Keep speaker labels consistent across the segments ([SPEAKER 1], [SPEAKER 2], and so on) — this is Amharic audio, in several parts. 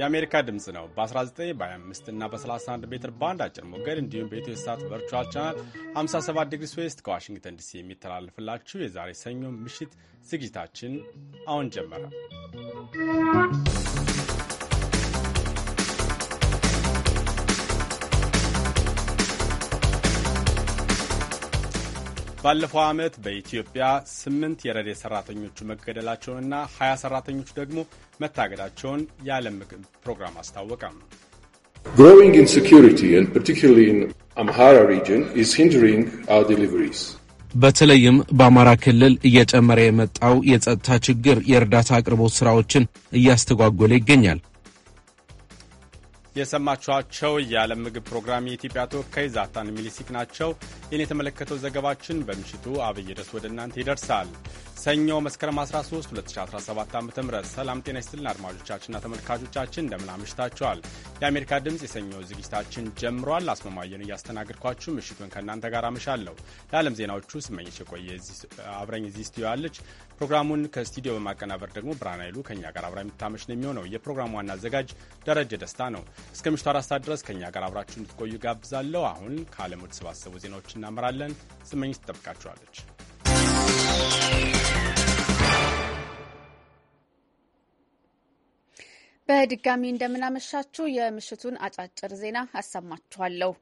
[SPEAKER 1] የአሜሪካ ድምፅ ነው። በ19 በ25 እና በ31 ሜትር ባንድ አጭር ሞገድ እንዲሁም በኢትዮ ሳት ቨርቹዋል ቻናል 57 ዲግሪ ስዌስት ከዋሽንግተን ዲሲ የሚተላለፍላችሁ የዛሬ ሰኞ ምሽት ዝግጅታችን አሁን ጀመረ። ባለፈው ዓመት በኢትዮጵያ ስምንት የረዴ ሠራተኞቹ መገደላቸውንና ሀያ ሰራተኞቹ ደግሞ መታገዳቸውን የዓለም ምግብ ፕሮግራም አስታወቀ።
[SPEAKER 2] Growing insecurity and particularly in Amhara region is hindering our deliveries. በተለይም በአማራ ክልል እየጨመረ የመጣው የጸጥታ ችግር የእርዳታ አቅርቦት ስራዎችን እያስተጓጎለ ይገኛል።
[SPEAKER 1] የሰማችኋቸው የዓለም ምግብ ፕሮግራም የኢትዮጵያ ተወካይ ዛታን ሚሊሲክ ናቸው። ይህን የተመለከተው ዘገባችን በምሽቱ አብይ ርዕስ ወደ እናንተ ይደርሳል። ሰኞ መስከረም 13 2017 ዓ ም ሰላም ጤና ይስጥልን አድማጮቻችንና ተመልካቾቻችን እንደምን አምሽታችኋል። የአሜሪካ ድምፅ የሰኞ ዝግጅታችን ጀምሯል። አስመማየን እያስተናገድኳችሁ ምሽቱን ከእናንተ ጋር አመሻለሁ። ለዓለም ዜናዎቹ ስመኝሽ የቆየ አብረኝ እዚህ ስቱዲዮ ያለች ፕሮግራሙን ከስቱዲዮ በማቀናበር ደግሞ ብርሃን ኃይሉ ከእኛ ጋር አብራ የምታመሽ ነው የሚሆነው። የፕሮግራሙ ዋና አዘጋጅ ደረጀ ደስታ ነው። እስከ ምሽቱ አራት ሰዓት ድረስ ከእኛ ጋር አብራችሁ እንድትቆዩ ጋብዛለሁ። አሁን ከዓለም ወደ ሰባሰቡ ዜናዎች እናመራለን። ስመኝ ትጠብቃችኋለች።
[SPEAKER 3] በድጋሚ እንደምናመሻችሁ የምሽቱን አጫጭር ዜና አሰማችኋለሁ።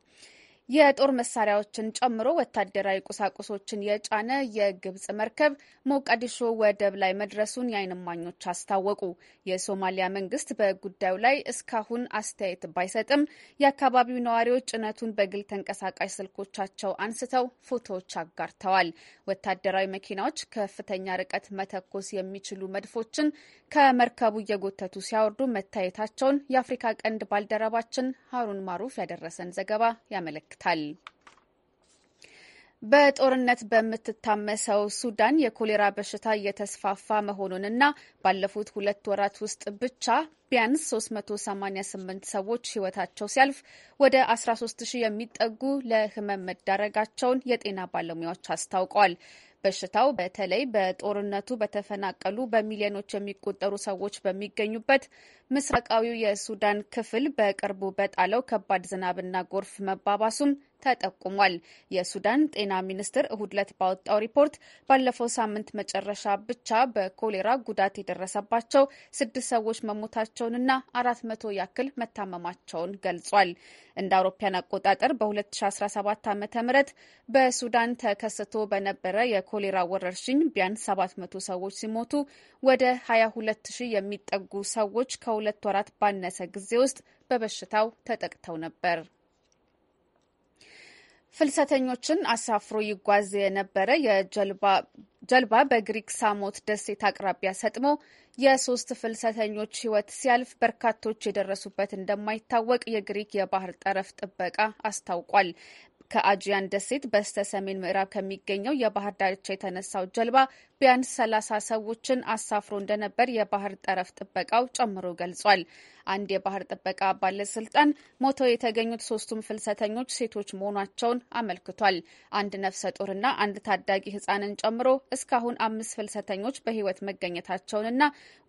[SPEAKER 3] የጦር መሳሪያዎችን ጨምሮ ወታደራዊ ቁሳቁሶችን የጫነ የግብጽ መርከብ ሞቃዲሾ ወደብ ላይ መድረሱን የአይንማኞች እማኞች አስታወቁ። የሶማሊያ መንግስት በጉዳዩ ላይ እስካሁን አስተያየት ባይሰጥም የአካባቢው ነዋሪዎች ጭነቱን በግል ተንቀሳቃሽ ስልኮቻቸው አንስተው ፎቶዎች አጋርተዋል። ወታደራዊ መኪናዎች ከፍተኛ ርቀት መተኮስ የሚችሉ መድፎችን ከመርከቡ እየጎተቱ ሲያወርዱ መታየታቸውን የአፍሪካ ቀንድ ባልደረባችን ሀሩን ማሩፍ ያደረሰን ዘገባ ያመለክታል። ያመለክታል። በጦርነት በምትታመሰው ሱዳን የኮሌራ በሽታ እየተስፋፋ መሆኑንና ባለፉት ሁለት ወራት ውስጥ ብቻ ቢያንስ 388 ሰዎች ሕይወታቸው ሲያልፍ ወደ 13000 የሚጠጉ ለሕመም መዳረጋቸውን የጤና ባለሙያዎች አስታውቀዋል። በሽታው በተለይ በጦርነቱ በተፈናቀሉ በሚሊዮኖች የሚቆጠሩ ሰዎች በሚገኙበት ምስራቃዊው የሱዳን ክፍል በቅርቡ በጣለው ከባድ ዝናብና ጎርፍ መባባሱም ተጠቁሟል። የሱዳን ጤና ሚኒስቴር እሁድ ዕለት ባወጣው ሪፖርት ባለፈው ሳምንት መጨረሻ ብቻ በኮሌራ ጉዳት የደረሰባቸው ስድስት ሰዎች መሞታቸውንና አራት መቶ ያክል መታመማቸውን ገልጿል። እንደ አውሮፓያን አቆጣጠር በ2017 ዓ ም በሱዳን ተከስቶ በነበረ የኮሌራ ወረርሽኝ ቢያንስ 700 ሰዎች ሲሞቱ ወደ 22 ሺህ የሚጠጉ ሰዎች ከ ከሁለት ወራት ባነሰ ጊዜ ውስጥ በበሽታው ተጠቅተው ነበር። ፍልሰተኞችን አሳፍሮ ይጓዝ የነበረ የጀልባ ጀልባ በግሪክ ሳሞት ደሴት አቅራቢያ ሰጥሞ የሶስት ፍልሰተኞች ሕይወት ሲያልፍ በርካቶች የደረሱበት እንደማይታወቅ የግሪክ የባህር ጠረፍ ጥበቃ አስታውቋል። ከአጂያን ደሴት በስተ ሰሜን ምዕራብ ከሚገኘው የባህር ዳርቻ የተነሳው ጀልባ ቢያንስ ሰላሳ ሰዎችን አሳፍሮ እንደነበር የባህር ጠረፍ ጥበቃው ጨምሮ ገልጿል። አንድ የባህር ጥበቃ ባለስልጣን ሞተው የተገኙት ሶስቱም ፍልሰተኞች ሴቶች መሆናቸውን አመልክቷል። አንድ ነፍሰ ጡርና አንድ ታዳጊ ህጻንን ጨምሮ እስካሁን አምስት ፍልሰተኞች በህይወት መገኘታቸውንና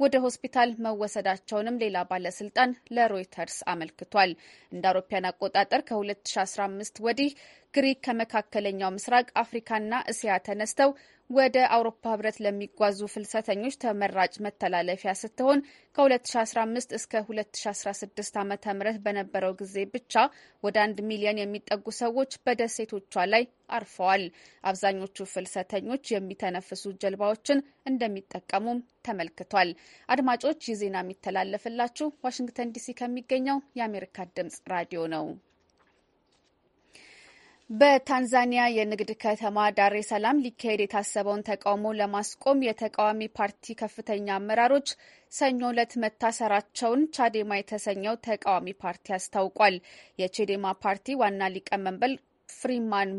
[SPEAKER 3] ወደ ሆስፒታል መወሰዳቸውንም ሌላ ባለስልጣን ለሮይተርስ አመልክቷል። እንደ አውሮፓውያን አቆጣጠር ከ2015 ወዲህ ግሪክ ከመካከለኛው ምስራቅ አፍሪካና እስያ ተነስተው ወደ አውሮፓ ህብረት ለሚጓዙ ፍልሰተኞች ተመራጭ መተላለፊያ ስትሆን ከ2015 እስከ 2016 ዓ ም በነበረው ጊዜ ብቻ ወደ አንድ ሚሊዮን የሚጠጉ ሰዎች በደሴቶቿ ላይ አርፈዋል። አብዛኞቹ ፍልሰተኞች የሚተነፍሱ ጀልባዎችን እንደሚጠቀሙም ተመልክቷል። አድማጮች ይህ ዜና የሚተላለፍላችሁ ዋሽንግተን ዲሲ ከሚገኘው የአሜሪካ ድምጽ ራዲዮ ነው። በታንዛኒያ የንግድ ከተማ ዳሬ ሰላም ሊካሄድ የታሰበውን ተቃውሞ ለማስቆም የተቃዋሚ ፓርቲ ከፍተኛ አመራሮች ሰኞ ዕለት መታሰራቸውን ቻዴማ የተሰኘው ተቃዋሚ ፓርቲ አስታውቋል። የቼዴማ ፓርቲ ዋና ሊቀመንበር ፍሪማን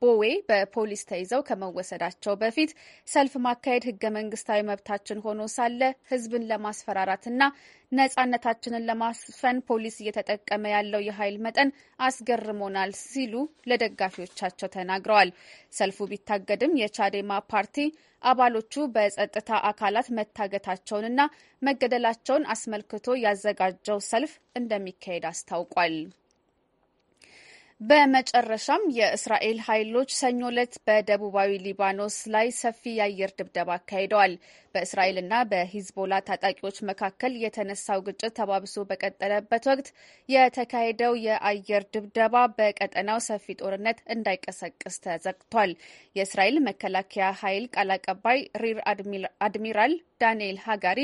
[SPEAKER 3] ቦዌ በፖሊስ ተይዘው ከመወሰዳቸው በፊት ሰልፍ ማካሄድ ህገ መንግስታዊ መብታችን ሆኖ ሳለ ህዝብን ለማስፈራራትና ነጻነታችንን ለማስፈን ፖሊስ እየተጠቀመ ያለው የኃይል መጠን አስገርሞናል ሲሉ ለደጋፊዎቻቸው ተናግረዋል። ሰልፉ ቢታገድም የቻዴማ ፓርቲ አባሎቹ በጸጥታ አካላት መታገታቸውንና መገደላቸውን አስመልክቶ ያዘጋጀው ሰልፍ እንደሚካሄድ አስታውቋል። በመጨረሻም የእስራኤል ኃይሎች ሰኞ ዕለት በደቡባዊ ሊባኖስ ላይ ሰፊ የአየር ድብደባ አካሂደዋል። በእስራኤልና በሂዝቦላ ታጣቂዎች መካከል የተነሳው ግጭት ተባብሶ በቀጠለበት ወቅት የተካሄደው የአየር ድብደባ በቀጠናው ሰፊ ጦርነት እንዳይቀሰቅስ ተዘግቷል። የእስራኤል መከላከያ ኃይል ቃል አቀባይ ሪር አድሚራል ዳንኤል ሀጋሪ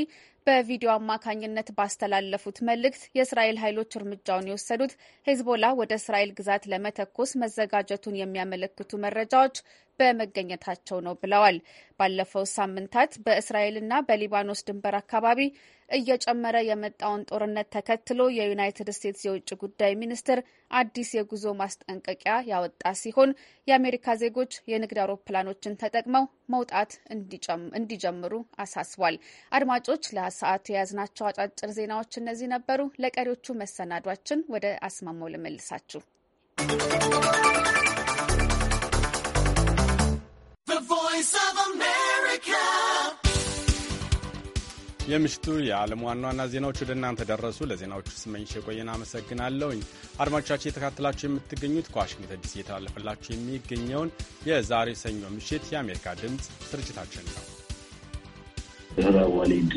[SPEAKER 3] በቪዲዮ አማካኝነት ባስተላለፉት መልእክት የእስራኤል ኃይሎች እርምጃውን የወሰዱት ሄዝቦላ ወደ እስራኤል ግዛት ለመተኮስ መዘጋጀቱን የሚያመለክቱ መረጃዎች በመገኘታቸው ነው ብለዋል። ባለፈው ሳምንታት በእስራኤልና በሊባኖስ ድንበር አካባቢ እየጨመረ የመጣውን ጦርነት ተከትሎ የዩናይትድ ስቴትስ የውጭ ጉዳይ ሚኒስትር አዲስ የጉዞ ማስጠንቀቂያ ያወጣ ሲሆን የአሜሪካ ዜጎች የንግድ አውሮፕላኖችን ተጠቅመው መውጣት እንዲጀምሩ አሳስቧል። አድማጮች፣ ለሰዓቱ የያዝናቸው አጫጭር ዜናዎች እነዚህ ነበሩ። ለቀሪዎቹ መሰናዷችን ወደ አስማማው ልመልሳችሁ።
[SPEAKER 1] የምሽቱ የዓለም ዋና ዋና ዜናዎች ወደ እናንተ ደረሱ። ለዜናዎቹ ስመኝሽ የቆየን አመሰግናለሁኝ። አድማጮቻችን የተካተላችሁ የምትገኙት ከዋሽንግተን ዲሲ እየተላለፈላችሁ የሚገኘውን የዛሬ ሰኞ ምሽት የአሜሪካ ድምፅ ስርጭታችን ነው።
[SPEAKER 4] ድህረ ወሊድ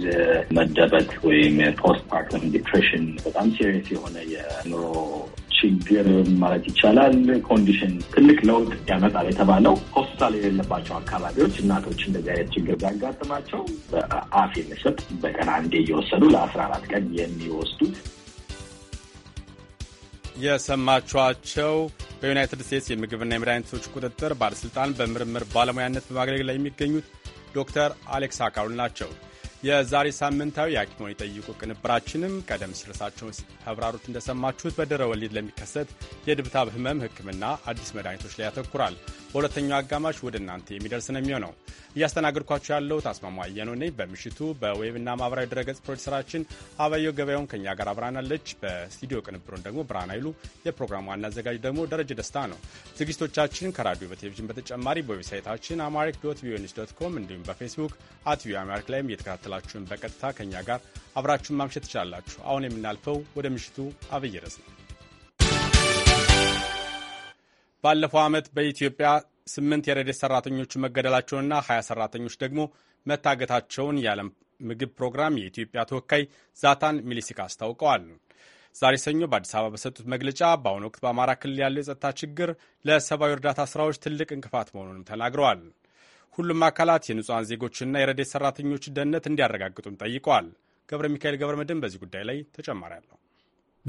[SPEAKER 4] መደበት ወይም ፖስትፓርተም ዲፕሬሽን በጣም ሲሪየስ የሆነ የኑሮ ችግር ማለት ይቻላል ኮንዲሽን ትልቅ ለውጥ ያመጣል የተባለው ሆስፒታል የሌለባቸው አካባቢዎች እናቶች እንደዚህ አይነት ችግር ቢያጋጥማቸው በአፍ የሚሰጥ በቀን አንዴ እየወሰዱ ለአስራ አራት ቀን የሚወስዱት
[SPEAKER 1] የሰማችኋቸው በዩናይትድ ስቴትስ የምግብና የመድኃኒቶች ቁጥጥር ባለሥልጣን በምርምር ባለሙያነት በማገልገል ላይ የሚገኙት ዶክተር አሌክስ አካሉን ናቸው። የዛሬ ሳምንታዊ የሐኪሞን የጠይቁ ቅንብራችንም ቀደም ሲል ርዕሳቸውን ተብራሮች እንደሰማችሁት በድረ ወሊድ ለሚከሰት የድብታብ ህመም ህክምና አዲስ መድኃኒቶች ላይ ያተኩራል። በሁለተኛው አጋማሽ ወደ እናንተ የሚደርስ ነው የሚሆነው። እያስተናገድኳችሁ ያለው ታስማማ አየኖ ነኝ። በምሽቱ በዌብና ማህበራዊ ድረገጽ ፕሮዲሰራችን አበየው ገበያውን ከእኛ ጋር አብራናለች። በስቱዲዮ ቅንብሩን ደግሞ ብርሃን ኃይሉ፣ የፕሮግራሙ ዋና አዘጋጅ ደግሞ ደረጀ ደስታ ነው። ዝግጅቶቻችን ከራዲዮ በቴሌቪዥን በተጨማሪ በዌብሳይታችን አማሪክ ዶት ዶት ኮም እንዲሁም በፌስቡክ አት ቪኦኤ አማሪክ ላይም እየተከታተላችሁን በቀጥታ ከእኛ ጋር አብራችሁን ማምሸት ትችላላችሁ። አሁን የምናልፈው ወደ ምሽቱ አብይ ርዕስ ነው። ባለፈው ዓመት በኢትዮጵያ ስምንት የረዴት ሰራተኞች መገደላቸውንና ሀያ ሰራተኞች ደግሞ መታገታቸውን የዓለም ምግብ ፕሮግራም የኢትዮጵያ ተወካይ ዛታን ሚሊሲክ አስታውቀዋል። ዛሬ ሰኞ በአዲስ አበባ በሰጡት መግለጫ በአሁኑ ወቅት በአማራ ክልል ያለው የጸጥታ ችግር ለሰብአዊ እርዳታ ስራዎች ትልቅ እንቅፋት መሆኑንም ተናግረዋል። ሁሉም አካላት የንጹሐን ዜጎችና የረዴት ሰራተኞች ደህንነት እንዲያረጋግጡም ጠይቀዋል። ገብረ ሚካኤል ገብረ መድን በዚህ ጉዳይ ላይ ተጨማሪ አለው።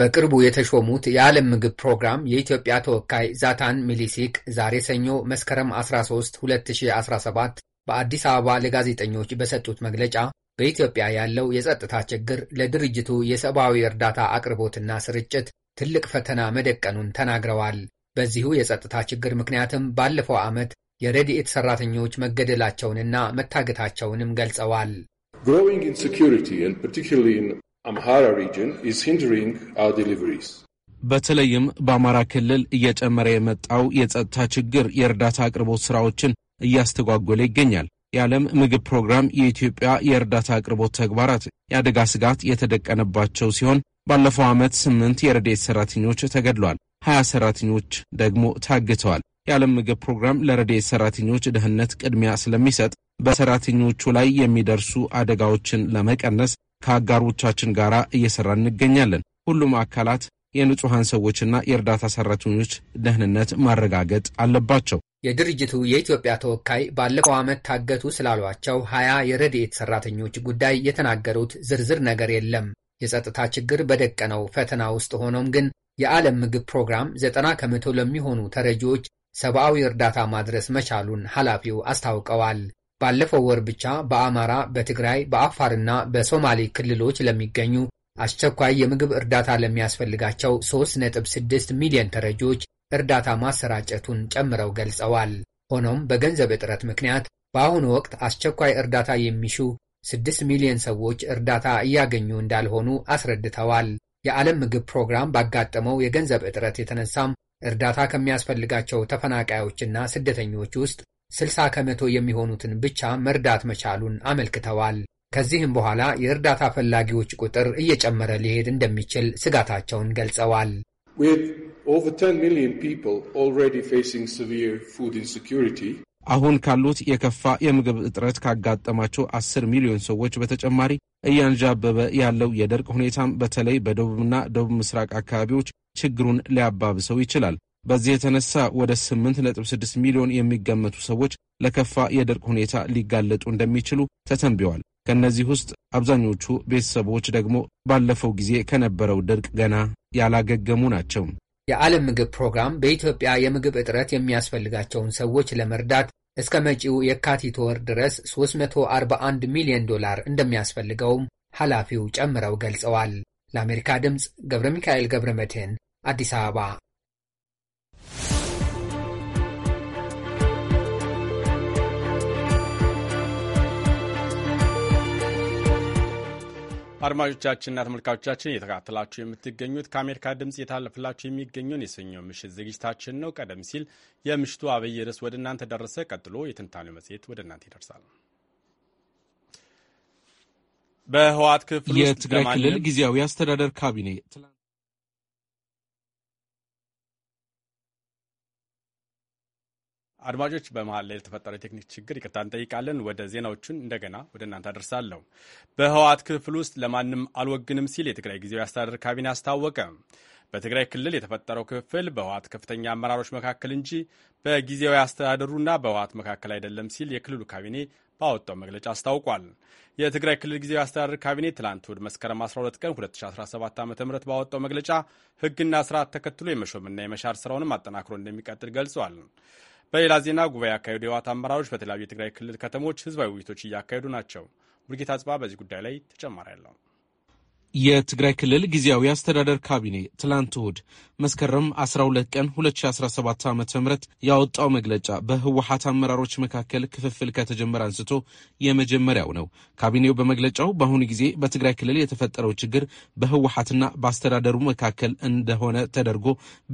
[SPEAKER 5] በቅርቡ የተሾሙት የዓለም ምግብ ፕሮግራም የኢትዮጵያ ተወካይ ዛታን ሚሊሲክ ዛሬ ሰኞ መስከረም 13 2017 በአዲስ አበባ ለጋዜጠኞች በሰጡት መግለጫ በኢትዮጵያ ያለው የጸጥታ ችግር ለድርጅቱ የሰብአዊ እርዳታ አቅርቦትና ስርጭት ትልቅ ፈተና መደቀኑን ተናግረዋል። በዚሁ የጸጥታ ችግር ምክንያትም ባለፈው ዓመት የረድኤት ሠራተኞች መገደላቸውንና መታገታቸውንም ገልጸዋል።
[SPEAKER 2] አምሃራ ሪጅን is ሂንደሪንግ አር deliveries. በተለይም በአማራ ክልል እየጨመረ የመጣው የጸጥታ ችግር የእርዳታ አቅርቦት ስራዎችን እያስተጓጎለ ይገኛል። የዓለም ምግብ ፕሮግራም የኢትዮጵያ የእርዳታ አቅርቦት ተግባራት የአደጋ ስጋት የተደቀነባቸው ሲሆን ባለፈው ዓመት ስምንት የረዴት ሰራተኞች ተገድሏል፣ ሀያ ሰራተኞች ደግሞ ታግተዋል። የዓለም ምግብ ፕሮግራም ለረዴት ሰራተኞች ደህንነት ቅድሚያ ስለሚሰጥ በሰራተኞቹ ላይ የሚደርሱ አደጋዎችን ለመቀነስ ከአጋሮቻችን ጋር እየሰራ እንገኛለን። ሁሉም አካላት የንጹሐን ሰዎችና የእርዳታ ሰራተኞች ደህንነት ማረጋገጥ አለባቸው።
[SPEAKER 5] የድርጅቱ የኢትዮጵያ ተወካይ ባለፈው ዓመት ታገቱ ስላሏቸው ሀያ የረድኤት ሰራተኞች ጉዳይ የተናገሩት ዝርዝር ነገር የለም። የጸጥታ ችግር በደቀነው ፈተና ውስጥ ሆኖም ግን የዓለም ምግብ ፕሮግራም ዘጠና ከመቶ ለሚሆኑ ተረጂዎች ሰብአዊ እርዳታ ማድረስ መቻሉን ኃላፊው አስታውቀዋል። ባለፈው ወር ብቻ በአማራ፣ በትግራይ፣ በአፋርና በሶማሌ ክልሎች ለሚገኙ አስቸኳይ የምግብ እርዳታ ለሚያስፈልጋቸው 3.6 ሚሊዮን ተረጂዎች እርዳታ ማሰራጨቱን ጨምረው ገልጸዋል። ሆኖም በገንዘብ እጥረት ምክንያት በአሁኑ ወቅት አስቸኳይ እርዳታ የሚሹ 6 ሚሊዮን ሰዎች እርዳታ እያገኙ እንዳልሆኑ አስረድተዋል። የዓለም ምግብ ፕሮግራም ባጋጠመው የገንዘብ እጥረት የተነሳም እርዳታ ከሚያስፈልጋቸው ተፈናቃዮችና ስደተኞች ውስጥ 60 ከመቶ የሚሆኑትን ብቻ መርዳት መቻሉን አመልክተዋል። ከዚህም በኋላ የእርዳታ ፈላጊዎች ቁጥር እየጨመረ ሊሄድ እንደሚችል ስጋታቸውን ገልጸዋል።
[SPEAKER 2] አሁን ካሉት የከፋ የምግብ እጥረት ካጋጠማቸው አስር ሚሊዮን ሰዎች በተጨማሪ እያንዣበበ ያለው የደርቅ ሁኔታም በተለይ በደቡብና ደቡብ ምስራቅ አካባቢዎች ችግሩን ሊያባብሰው ይችላል። በዚህ የተነሳ ወደ 8.6 ሚሊዮን የሚገመቱ ሰዎች ለከፋ የድርቅ ሁኔታ ሊጋለጡ እንደሚችሉ ተተንብዋል። ከእነዚህ ውስጥ አብዛኞቹ ቤተሰቦች ደግሞ ባለፈው ጊዜ ከነበረው ድርቅ ገና ያላገገሙ ናቸው።
[SPEAKER 5] የዓለም ምግብ ፕሮግራም በኢትዮጵያ የምግብ እጥረት የሚያስፈልጋቸውን ሰዎች ለመርዳት እስከ መጪው የካቲት ወር ድረስ 341 ሚሊዮን ዶላር እንደሚያስፈልገውም ኃላፊው ጨምረው ገልጸዋል። ለአሜሪካ ድምፅ ገብረ ሚካኤል ገብረ መድህን አዲስ አበባ
[SPEAKER 1] አድማጮቻችንና ተመልካቾቻችን እየተከታተላችሁ የምትገኙት ከአሜሪካ ድምፅ እየታለፈላችሁ የሚገኘውን የሰኞ ምሽት ዝግጅታችን ነው። ቀደም ሲል የምሽቱ አብይ ርዕስ ወደ እናንተ ደረሰ። ቀጥሎ የትንታኔው መጽሔት ወደ እናንተ ይደርሳል። በህወሓት ክፍል የትግራይ ክልል ጊዜያዊ
[SPEAKER 2] አስተዳደር ካቢኔ
[SPEAKER 1] አድማጮች፣ በመሀል ላይ ለተፈጠረ የቴክኒክ ችግር ይቅርታ እንጠይቃለን። ወደ ዜናዎቹን እንደገና ወደ እናንተ አደርሳለሁ። በህወሓት ክፍል ውስጥ ለማንም አልወግንም ሲል የትግራይ ጊዜያዊ አስተዳደር ካቢኔ አስታወቀ። በትግራይ ክልል የተፈጠረው ክፍል በህወሓት ከፍተኛ አመራሮች መካከል እንጂ በጊዜያዊ አስተዳደሩና በህወሓት መካከል አይደለም ሲል የክልሉ ካቢኔ ባወጣው መግለጫ አስታውቋል። የትግራይ ክልል ጊዜያዊ አስተዳደር ካቢኔ ትላንት እሁድ መስከረም 12 ቀን 2017 ዓ ም ባወጣው መግለጫ ህግና ስርዓት ተከትሎ የመሾምና የመሻር ስራውንም አጠናክሮ እንደሚቀጥል ገልጿል። በሌላ ዜና ጉባኤ ያካሄዱ የህወሓት አመራሮች በተለያዩ የትግራይ ክልል ከተሞች ህዝባዊ ውይይቶች እያካሄዱ ናቸው። ሙልጌታ ጽባ በዚህ ጉዳይ ላይ ተጨማሪ ያለው
[SPEAKER 2] የትግራይ ክልል ጊዜያዊ አስተዳደር ካቢኔ ትላንት እሁድ መስከረም 12 ቀን 2017 ዓ ም ያወጣው መግለጫ በህወሀት አመራሮች መካከል ክፍፍል ከተጀመረ አንስቶ የመጀመሪያው ነው። ካቢኔው በመግለጫው በአሁኑ ጊዜ በትግራይ ክልል የተፈጠረው ችግር በህወሀትና በአስተዳደሩ መካከል እንደሆነ ተደርጎ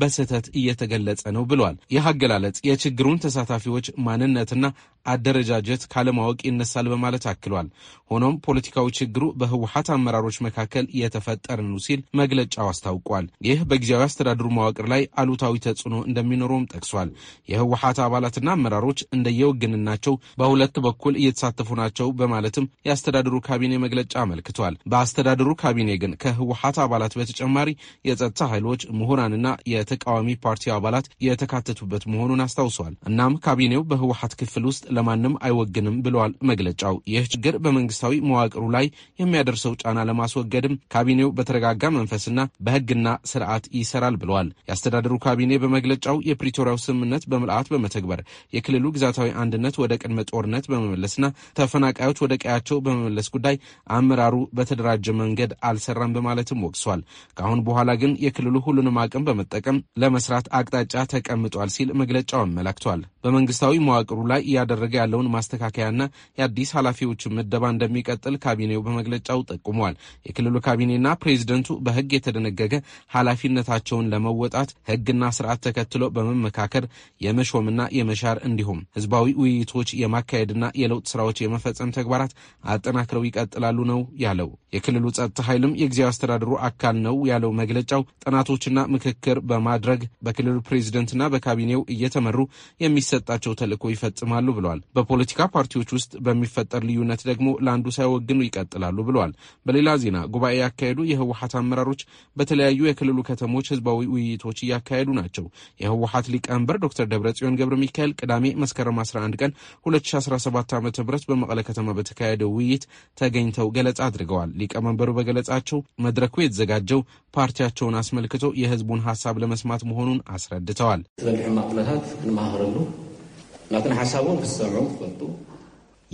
[SPEAKER 2] በስህተት እየተገለጸ ነው ብሏል። ይህ አገላለጽ የችግሩን ተሳታፊዎች ማንነትና አደረጃጀት ካለማወቅ ይነሳል በማለት አክሏል። ሆኖም ፖለቲካዊ ችግሩ በህወሀት አመራሮች መካከል የተፈጠርን ነው ሲል መግለጫው አስታውቋል። ይህ በጊዜያዊ አስተዳደሩ መዋቅር ላይ አሉታዊ ተጽዕኖ እንደሚኖረውም ጠቅሷል። የህወሀት አባላትና አመራሮች እንደየውግንናቸው በሁለት በኩል እየተሳተፉ ናቸው በማለትም የአስተዳደሩ ካቢኔ መግለጫ አመልክቷል። በአስተዳደሩ ካቢኔ ግን ከህወሀት አባላት በተጨማሪ የጸጥታ ኃይሎች፣ ምሁራንና የተቃዋሚ ፓርቲ አባላት የተካተቱበት መሆኑን አስታውሷል። እናም ካቢኔው በህወሀት ክፍል ውስጥ ለማንም አይወግንም ብለዋል መግለጫው። ይህ ችግር በመንግስታዊ መዋቅሩ ላይ የሚያደርሰው ጫና ለማስወገድም ካቢኔው በተረጋጋ መንፈስና በህግና ስርዓት ይሰራል ብለዋል። የአስተዳደሩ ካቢኔ በመግለጫው የፕሪቶሪያው ስምምነት በምልአት በመተግበር የክልሉ ግዛታዊ አንድነት ወደ ቅድመ ጦርነት በመመለስና ተፈናቃዮች ወደ ቀያቸው በመመለስ ጉዳይ አመራሩ በተደራጀ መንገድ አልሰራም በማለትም ወቅሷል። ከአሁን በኋላ ግን የክልሉ ሁሉንም አቅም በመጠቀም ለመስራት አቅጣጫ ተቀምጧል ሲል መግለጫው አመላክቷል። በመንግስታዊ መዋቅሩ ላይ እያደረገ ያለውን ማስተካከያና የአዲስ ኃላፊዎች ምደባ እንደሚቀጥል ካቢኔው በመግለጫው ጠቁሟል። የክልሉ ካቢኔና ፕሬዚደንቱ በህግ የተደነገገ ኃላፊነታቸውን ለመወጣት ህግና ስርዓት ተከትሎ በመመካከር የመሾምና የመሻር እንዲሁም ህዝባዊ ውይይቶች የማካሄድና የለውጥ ስራዎች የመፈጸም ተግባራት አጠናክረው ይቀጥላሉ ነው ያለው። የክልሉ ጸጥታ ኃይልም የጊዜያዊ አስተዳደሩ አካል ነው ያለው መግለጫው ጥናቶችና ምክክር በማድረግ በክልሉ ፕሬዚደንትና በካቢኔው እየተመሩ የሚሰጣቸው ተልዕኮ ይፈጽማሉ ብለዋል። በፖለቲካ ፓርቲዎች ውስጥ በሚፈጠር ልዩነት ደግሞ ለአንዱ ሳይወግኑ ይቀጥላሉ ብለዋል። በሌላ ዜና ጉባኤ ጉባኤ ያካሄዱ የህወሀት አመራሮች በተለያዩ የክልሉ ከተሞች ህዝባዊ ውይይቶች እያካሄዱ ናቸው። የህወሀት ሊቀመንበር ዶክተር ደብረጽዮን ገብረ ሚካኤል ቅዳሜ መስከረም 11 ቀን 2017 ዓ ም በመቀለ ከተማ በተካሄደው ውይይት ተገኝተው ገለጻ አድርገዋል። ሊቀመንበሩ በገለጻቸው መድረኩ የተዘጋጀው ፓርቲያቸውን አስመልክቶ የህዝቡን ሀሳብ ለመስማት መሆኑን አስረድተዋል።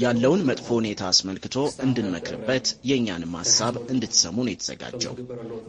[SPEAKER 4] ያለውን መጥፎ ሁኔታ አስመልክቶ እንድንመክርበት የእኛንም ሀሳብ እንድትሰሙ ነው የተዘጋጀው።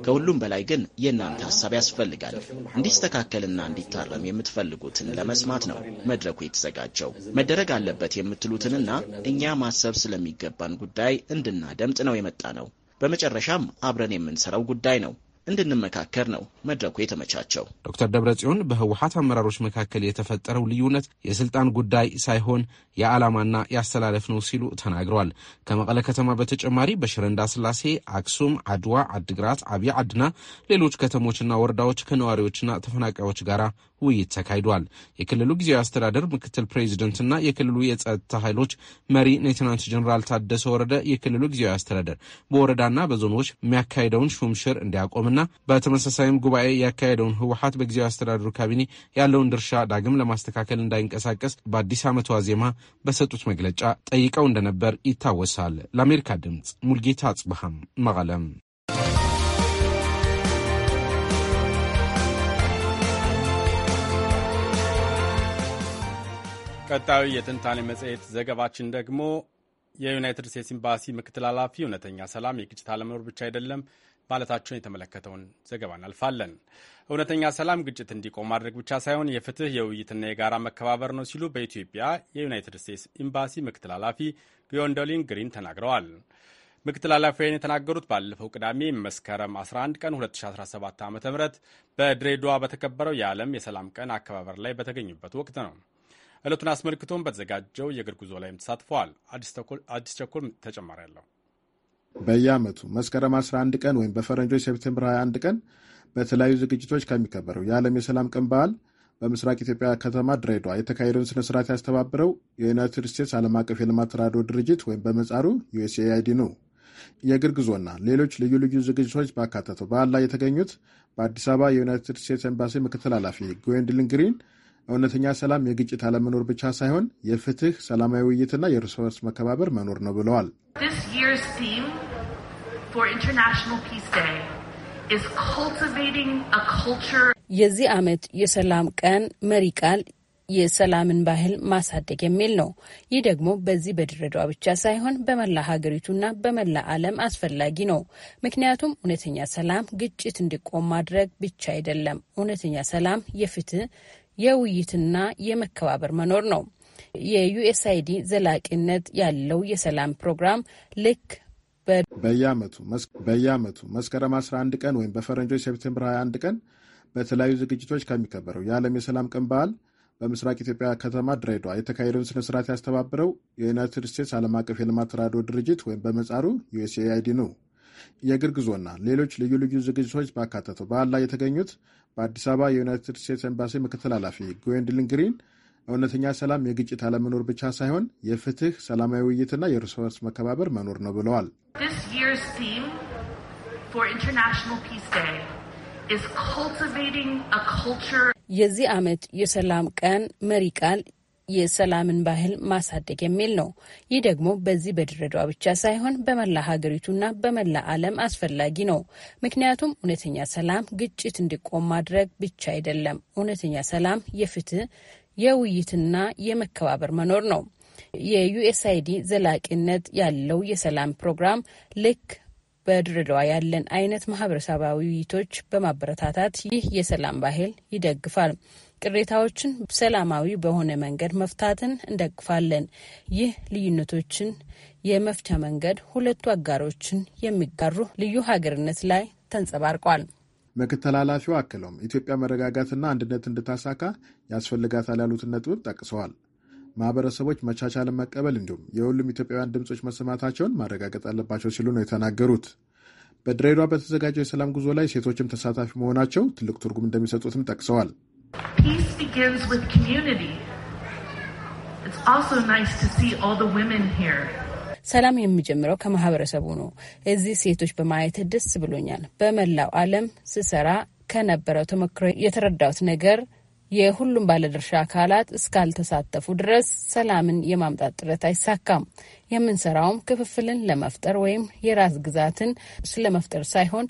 [SPEAKER 4] ከሁሉም በላይ ግን የእናንተ ሀሳብ ያስፈልጋል። እንዲስተካከልና እንዲታረም የምትፈልጉትን ለመስማት ነው መድረኩ የተዘጋጀው። መደረግ አለበት የምትሉትንና እኛ ማሰብ ስለሚገባን ጉዳይ እንድናደምጥ ነው የመጣ ነው። በመጨረሻም አብረን የምንሰራው ጉዳይ ነው። እንድንመካከር ነው መድረኩ የተመቻቸው።
[SPEAKER 2] ዶክተር ደብረጽዮን በህወሀት አመራሮች መካከል የተፈጠረው ልዩነት የስልጣን ጉዳይ ሳይሆን የዓላማና ያስተላለፍ ነው ሲሉ ተናግረዋል። ከመቀለ ከተማ በተጨማሪ በሽረ እንዳስላሴ፣ አክሱም፣ አድዋ፣ አድግራት፣ አብይ አድና ሌሎች ከተሞችና ወረዳዎች ከነዋሪዎችና ተፈናቃዮች ጋር ውይይት ተካሂዷል። የክልሉ ጊዜያዊ አስተዳደር ምክትል ፕሬዚደንትና የክልሉ የጸጥታ ኃይሎች መሪ ሌትናንት ጀኔራል ታደሰ ወረደ የክልሉ ጊዜያዊ አስተዳደር በወረዳና በዞኖች የሚያካሂደውን ሹምሽር እንዲያቆምና እና በተመሳሳይም ጉባኤ ያካሄደውን ህወሀት በጊዜያዊ አስተዳደሩ ካቢኔ ያለውን ድርሻ ዳግም ለማስተካከል እንዳይንቀሳቀስ በአዲስ ዓመቱ ዋዜማ በሰጡት መግለጫ ጠይቀው እንደነበር ይታወሳል። ለአሜሪካ ድምፅ ሙልጌታ አጽብሃም መቀለም።
[SPEAKER 1] ቀጣዩ የትንታኔ መጽሔት ዘገባችን ደግሞ የዩናይትድ ስቴትስ ኤምባሲ ምክትል ኃላፊ እውነተኛ ሰላም የግጭት አለመኖር ብቻ አይደለም ማለታቸውን የተመለከተውን ዘገባ እናልፋለን። እውነተኛ ሰላም ግጭት እንዲቆም ማድረግ ብቻ ሳይሆን የፍትህ የውይይትና የጋራ መከባበር ነው ሲሉ በኢትዮጵያ የዩናይትድ ስቴትስ ኤምባሲ ምክትል ኃላፊ ግዮንዶሊን ግሪን ተናግረዋል። ምክትል ኃላፊዋን የተናገሩት ባለፈው ቅዳሜ መስከረም 11 ቀን 2017 ዓ ም በድሬዳዋ በተከበረው የዓለም የሰላም ቀን አከባበር ላይ በተገኙበት ወቅት ነው። ዕለቱን አስመልክቶም በተዘጋጀው የእግር ጉዞ ላይም ተሳትፈዋል። አዲስ ቸኮል ተጨማሪ ያለው
[SPEAKER 6] በየአመቱ መስከረም 11 ቀን ወይም በፈረንጆች ሴፕቴምበር 21 ቀን በተለያዩ ዝግጅቶች ከሚከበረው የዓለም የሰላም ቀን በዓል በምስራቅ ኢትዮጵያ ከተማ ድሬዷ የተካሄደውን ስነስርዓት ያስተባብረው የዩናይትድ ስቴትስ ዓለም አቀፍ የልማት ተራድኦ ድርጅት ወይም በመጻሩ ዩኤስኤአይዲ ነው። የእግር ጉዞና ሌሎች ልዩ ልዩ ዝግጅቶች ባካተተው በዓል ላይ የተገኙት በአዲስ አበባ የዩናይትድ ስቴትስ ኤምባሲ ምክትል ኃላፊ ግዌንድሊን ግሪን እውነተኛ ሰላም የግጭት አለመኖር ብቻ ሳይሆን የፍትህ፣ ሰላማዊ ውይይትና የእርስ በርስ መከባበር መኖር ነው ብለዋል።
[SPEAKER 7] የዚህ ዓመት የሰላም ቀን መሪ ቃል የሰላምን ባህል ማሳደግ የሚል ነው። ይህ ደግሞ በዚህ በድሬዳዋ ብቻ ሳይሆን በመላ ሀገሪቱና በመላ ዓለም አስፈላጊ ነው። ምክንያቱም እውነተኛ ሰላም ግጭት እንዲቆም ማድረግ ብቻ አይደለም። እውነተኛ ሰላም የፍትህ የውይይትና የመከባበር መኖር ነው። የዩኤስአይዲ ዘላቂነት ያለው የሰላም ፕሮግራም ልክ
[SPEAKER 6] በየዓመቱ መስከረም 11 ቀን ወይም በፈረንጆች ሴፕቴምበር 21 ቀን በተለያዩ ዝግጅቶች ከሚከበረው የዓለም የሰላም ቀን በዓል በምስራቅ ኢትዮጵያ ከተማ ድሬዳዋ የተካሄደውን ስነስርዓት ያስተባብረው የዩናይትድ ስቴትስ ዓለም አቀፍ የልማት ተራድኦ ድርጅት ወይም በመጻሩ ዩኤስኤአይዲ ነው። የእግር ጉዞና ሌሎች ልዩ ልዩ ዝግጅቶች ባካተተው በዓል ላይ የተገኙት በአዲስ አበባ የዩናይትድ ስቴትስ ኤምባሲ ምክትል ኃላፊ ጉዌንድሊን ግሪን እውነተኛ ሰላም የግጭት አለመኖር ብቻ ሳይሆን የፍትህ፣ ሰላማዊ ውይይትና የእርስ በርስ መከባበር መኖር ነው ብለዋል።
[SPEAKER 7] የዚህ ዓመት የሰላም ቀን መሪ ቃል የሰላምን ባህል ማሳደግ የሚል ነው። ይህ ደግሞ በዚህ በድሬዳዋ ብቻ ሳይሆን በመላ ሀገሪቱና በመላ ዓለም አስፈላጊ ነው። ምክንያቱም እውነተኛ ሰላም ግጭት እንዲቆም ማድረግ ብቻ አይደለም። እውነተኛ ሰላም የፍትህ የውይይትና የመከባበር መኖር ነው። የዩኤስአይዲ ዘላቂነት ያለው የሰላም ፕሮግራም ልክ በድሬዳዋ ያለን አይነት ማህበረሰባዊ ውይይቶች በማበረታታት ይህ የሰላም ባህል ይደግፋል። ቅሬታዎችን ሰላማዊ በሆነ መንገድ መፍታትን እንደግፋለን። ይህ ልዩነቶችን የመፍቻ መንገድ ሁለቱ አጋሮችን የሚጋሩ ልዩ ሀገርነት ላይ ተንጸባርቋል።
[SPEAKER 6] ምክትል ኃላፊው አክለውም ኢትዮጵያ መረጋጋትና አንድነት እንድታሳካ ያስፈልጋታል ያሉትን ነጥብም ጠቅሰዋል። ማህበረሰቦች መቻቻልን መቀበል እንዲሁም የሁሉም ኢትዮጵያውያን ድምፆች መሰማታቸውን ማረጋገጥ አለባቸው ሲሉ ነው የተናገሩት። በድሬዷ በተዘጋጀው የሰላም ጉዞ ላይ ሴቶችም ተሳታፊ መሆናቸው ትልቅ ትርጉም እንደሚሰጡትም ጠቅሰዋል።
[SPEAKER 5] Peace begins with community. It's also nice to see all the women here.
[SPEAKER 7] ሰላም የሚጀምረው ከማህበረሰቡ ነው። እዚህ ሴቶች በማየት ደስ ብሎኛል። በመላው ዓለም ስሰራ ከነበረው ተሞክሮ የተረዳሁት ነገር የሁሉም ባለድርሻ አካላት እስካልተሳተፉ ድረስ ሰላምን የማምጣት ጥረት አይሳካም። የምንሰራውም ክፍፍልን ለመፍጠር ወይም የራስ ግዛትን ስለመፍጠር ሳይሆን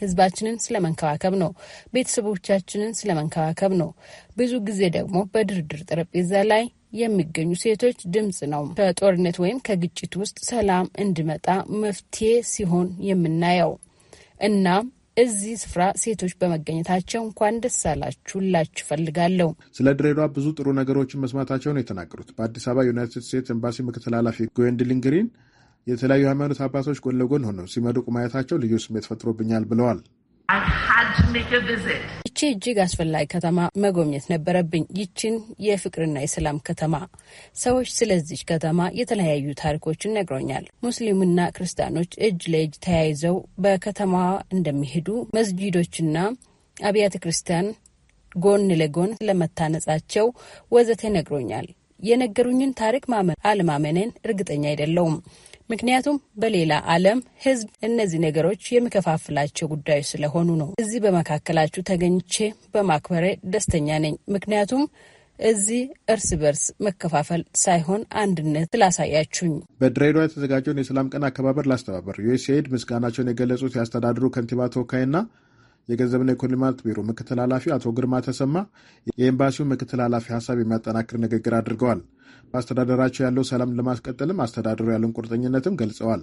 [SPEAKER 7] ህዝባችንን ስለመንከባከብ ነው። ቤተሰቦቻችንን ስለመንከባከብ ነው። ብዙ ጊዜ ደግሞ በድርድር ጠረጴዛ ላይ የሚገኙ ሴቶች ድምጽ ነው። ከጦርነት ወይም ከግጭት ውስጥ ሰላም እንዲመጣ መፍትሄ ሲሆን የምናየው። እናም እዚህ ስፍራ ሴቶች በመገኘታቸው እንኳን ደስ አላችሁ ላችሁ ፈልጋለሁ።
[SPEAKER 6] ስለ ድሬዷ ብዙ ጥሩ ነገሮችን መስማታቸውን የተናገሩት በአዲስ አበባ ዩናይትድ ስቴትስ ኤምባሲ ምክትል ኃላፊ ጎንድሊንግሪን የተለያዩ ሃይማኖት አባቶች ጎን ለጎን ሆነው ሲመድቁ ማየታቸው ልዩ ስሜት ፈጥሮብኛል ብለዋል።
[SPEAKER 7] ይቺ እጅግ አስፈላጊ ከተማ መጎብኘት ነበረብኝ። ይችን የፍቅርና የሰላም ከተማ ሰዎች ስለዚች ከተማ የተለያዩ ታሪኮችን ነግሮኛል። ሙስሊምና ክርስቲያኖች እጅ ለእጅ ተያይዘው በከተማዋ እንደሚሄዱ መስጂዶችና አብያተ ክርስቲያን ጎን ለጎን ስለመታነጻቸው ወዘተ ነግሮኛል። የነገሩኝን ታሪክ ማመን አለማመኔን እርግጠኛ አይደለውም። ምክንያቱም በሌላ ዓለም ህዝብ እነዚህ ነገሮች የሚከፋፍላቸው ጉዳዮች ስለሆኑ ነው። እዚህ በመካከላችሁ ተገኝቼ በማክበሬ ደስተኛ ነኝ። ምክንያቱም እዚህ እርስ በርስ መከፋፈል ሳይሆን አንድነት ስላሳያችሁኝ።
[SPEAKER 6] በድሬዳዋ የተዘጋጀውን የሰላም ቀን አከባበር ላስተባበር ዩኤስኤድ ምስጋናቸውን የገለጹት የአስተዳድሩ ከንቲባ ተወካይና የገንዘብና ኢኮኖሚ ልማት ቢሮ ምክትል ኃላፊ አቶ ግርማ ተሰማ የኤምባሲውን ምክትል ኃላፊ ሀሳብ የሚያጠናክር ንግግር አድርገዋል። አስተዳደራቸው ያለው ሰላም ለማስቀጠልም አስተዳደሩ ያለውን ቁርጠኝነትም ገልጸዋል።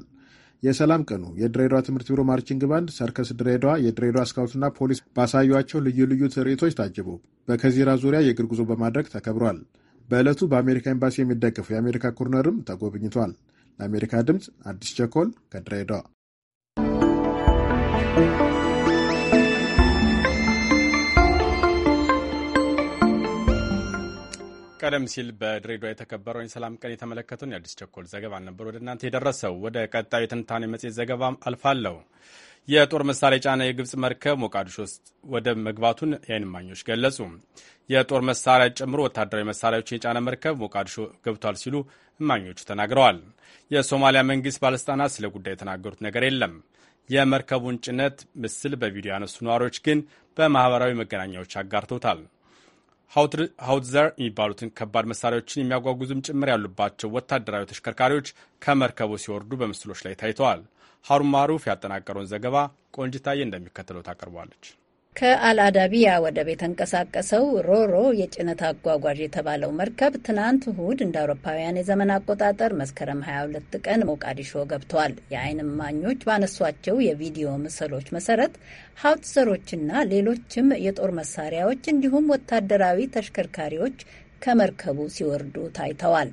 [SPEAKER 6] የሰላም ቀኑ የድሬዳዋ ትምህርት ቢሮ ማርቺንግ ባንድ፣ ሰርከስ ድሬዳዋ፣ የድሬዳዋ ስካውትና ፖሊስ ባሳዩቸው ልዩ ልዩ ትርኢቶች ታጅቦ በከዚራ ዙሪያ የእግር ጉዞ በማድረግ ተከብሯል። በዕለቱ በአሜሪካ ኤምባሲ የሚደገፈው የአሜሪካ ኮርነርም ተጎብኝቷል። ለአሜሪካ ድምፅ አዲስ ቸኮል ከድሬዳዋ
[SPEAKER 1] ቀደም ሲል በድሬዳዋ የተከበረውን የሰላም ቀን የተመለከተውን የአዲስ ቸኮል ዘገባ ነበር ወደ እናንተ የደረሰው። ወደ ቀጣዩ የትንታኔ መጽሔት ዘገባ አልፋለሁ። የጦር መሳሪያ የጫነ የግብፅ መርከብ ሞቃዲሾ ውስጥ ወደ መግባቱን የዓይን እማኞች ገለጹ። የጦር መሳሪያ ጨምሮ ወታደራዊ መሳሪያዎችን የጫነ መርከብ ሞቃዲሾ ገብቷል ሲሉ እማኞቹ ተናግረዋል። የሶማሊያ መንግስት ባለስልጣናት ስለ ጉዳይ የተናገሩት ነገር የለም። የመርከቡን ጭነት ምስል በቪዲዮ ያነሱ ነዋሪዎች ግን በማህበራዊ መገናኛዎች አጋርተውታል። ሀውትዘር የሚባሉትን ከባድ መሳሪያዎችን የሚያጓጉዙም ጭምር ያሉባቸው ወታደራዊ ተሽከርካሪዎች ከመርከቡ ሲወርዱ በምስሎች ላይ ታይተዋል። ሀሩን ማሩፍ ያጠናቀረውን ዘገባ ቆንጅታዬ እንደሚከተለው ታቀርቧለች።
[SPEAKER 8] ከአልአዳቢያ ወደብ የተንቀሳቀሰው ሮሮ የጭነት አጓጓዥ የተባለው መርከብ ትናንት እሁድ እንደ አውሮፓውያን የዘመን አቆጣጠር መስከረም 22 ቀን ሞቃዲሾ ገብቷል። የአይን እማኞች ባነሷቸው የቪዲዮ ምስሎች መሰረት ሀውትዘሮችና ሌሎችም የጦር መሳሪያዎች እንዲሁም ወታደራዊ ተሽከርካሪዎች ከመርከቡ ሲወርዱ ታይተዋል።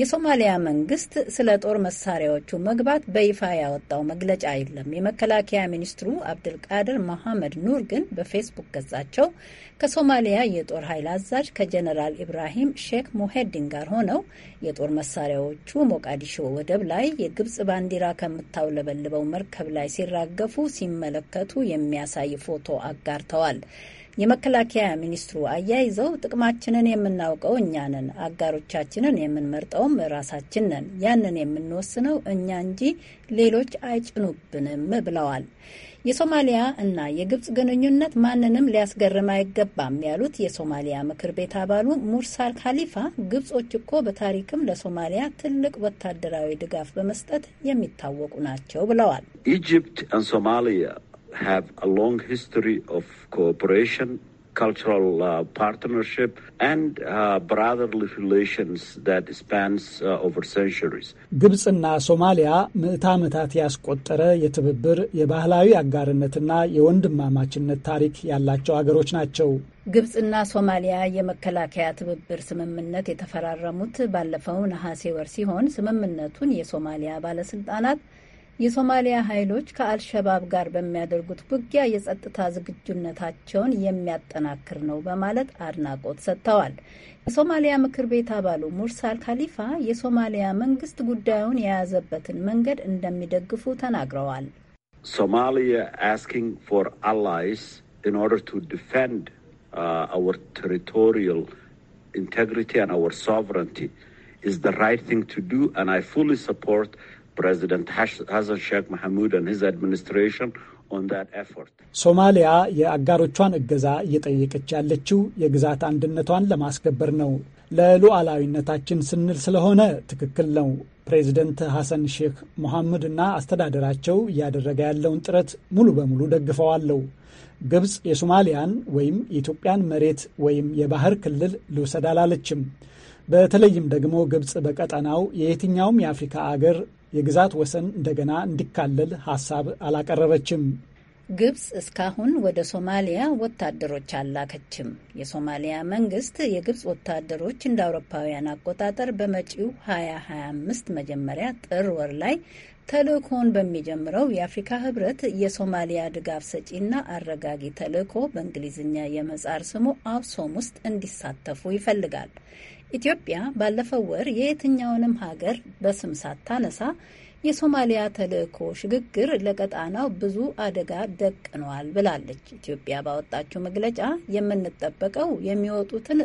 [SPEAKER 8] የሶማሊያ መንግስት ስለ ጦር መሳሪያዎቹ መግባት በይፋ ያወጣው መግለጫ የለም። የመከላከያ ሚኒስትሩ አብድልቃድር መሐመድ ኑር ግን በፌስቡክ ገጻቸው ከሶማሊያ የጦር ኃይል አዛዥ ከጀነራል ኢብራሂም ሼክ ሙሄዲን ጋር ሆነው የጦር መሳሪያዎቹ ሞቃዲሾ ወደብ ላይ የግብጽ ባንዲራ ከምታውለበልበው መርከብ ላይ ሲራገፉ ሲመለከቱ የሚያሳይ ፎቶ አጋርተዋል። የመከላከያ ሚኒስትሩ አያይዘው ጥቅማችንን የምናውቀው እኛ ነን፣ አጋሮቻችንን የምንመርጠውም ራሳችን ነን። ያንን የምንወስነው እኛ እንጂ ሌሎች አይጭኑብንም ብለዋል። የሶማሊያ እና የግብጽ ግንኙነት ማንንም ሊያስገርም አይገባም ያሉት የሶማሊያ ምክር ቤት አባሉ ሙርሳል ካሊፋ ግብጾች እኮ በታሪክም ለሶማሊያ ትልቅ ወታደራዊ ድጋፍ በመስጠት የሚታወቁ ናቸው ብለዋል።
[SPEAKER 9] ኢጅፕት ሶማሊያ have a long history of cooperation, cultural uh, partnership, and uh, brotherly relations that spans uh, over centuries.
[SPEAKER 10] ግብፅና ሶማሊያ ምዕተ ዓመታት ያስቆጠረ የትብብር የባህላዊ አጋርነትና የወንድማማችነት ታሪክ ያላቸው አገሮች ናቸው።
[SPEAKER 8] ግብፅና ሶማሊያ የመከላከያ ትብብር ስምምነት የተፈራረሙት ባለፈው ነሐሴ ወር ሲሆን ስምምነቱን የሶማሊያ ባለስልጣናት የሶማሊያ ኃይሎች ከአልሸባብ ጋር በሚያደርጉት ውጊያ የጸጥታ ዝግጁነታቸውን የሚያጠናክር ነው በማለት አድናቆት ሰጥተዋል። የሶማሊያ ምክር ቤት አባሉ ሙርሳል ካሊፋ የሶማሊያ መንግስት ጉዳዩን የያዘበትን መንገድ እንደሚደግፉ ተናግረዋል።
[SPEAKER 9] ሶማሊያ አስኪንግ ፎር አላይስ ኢን ኦርደር ቱ ዲፌንድ አወር ቴሪቶሪያል ኢንቴግሪቲ አንድ አወር ሶቨረንቲ ኢዝ ዘ ራይት ቲንግ ቱ ዱ አንድ አይ ፉሊ ሰፖርት President Hassan Sheikh Mohamud and his
[SPEAKER 10] ሶማሊያ የአጋሮቿን እገዛ እየጠየቀች ያለችው የግዛት አንድነቷን ለማስከበር ነው። ለሉዓላዊነታችን ስንል ስለሆነ ትክክል ነው። ፕሬዚደንት ሐሰን ሼክ ሞሐምድ አስተዳደራቸው እያደረገ ያለውን ጥረት ሙሉ በሙሉ ደግፈዋለሁ። ግብፅ የሶማሊያን ወይም የኢትዮጵያን መሬት ወይም የባህር ክልል ልውሰድ አላለችም። በተለይም ደግሞ ግብፅ በቀጠናው የየትኛውም የአፍሪካ አገር የግዛት ወሰን እንደገና እንዲካለል ሀሳብ አላቀረበችም።
[SPEAKER 8] ግብጽ እስካሁን ወደ ሶማሊያ ወታደሮች አላከችም። የሶማሊያ መንግስት የግብጽ ወታደሮች እንደ አውሮፓውያን አቆጣጠር በመጪው 2025 መጀመሪያ ጥር ወር ላይ ተልእኮውን በሚጀምረው የአፍሪካ ህብረት የሶማሊያ ድጋፍ ሰጪና አረጋጊ ተልእኮ በእንግሊዝኛ የመጻር ስሙ አብሶም ውስጥ እንዲሳተፉ ይፈልጋል። ኢትዮጵያ ባለፈው ወር የየትኛውንም ሀገር በስም ሳታነሳ የሶማሊያ ተልእኮ ሽግግር ለቀጣናው ብዙ አደጋ ደቅኗል ብላለች። ኢትዮጵያ ባወጣችው መግለጫ የምንጠበቀው የሚወጡትን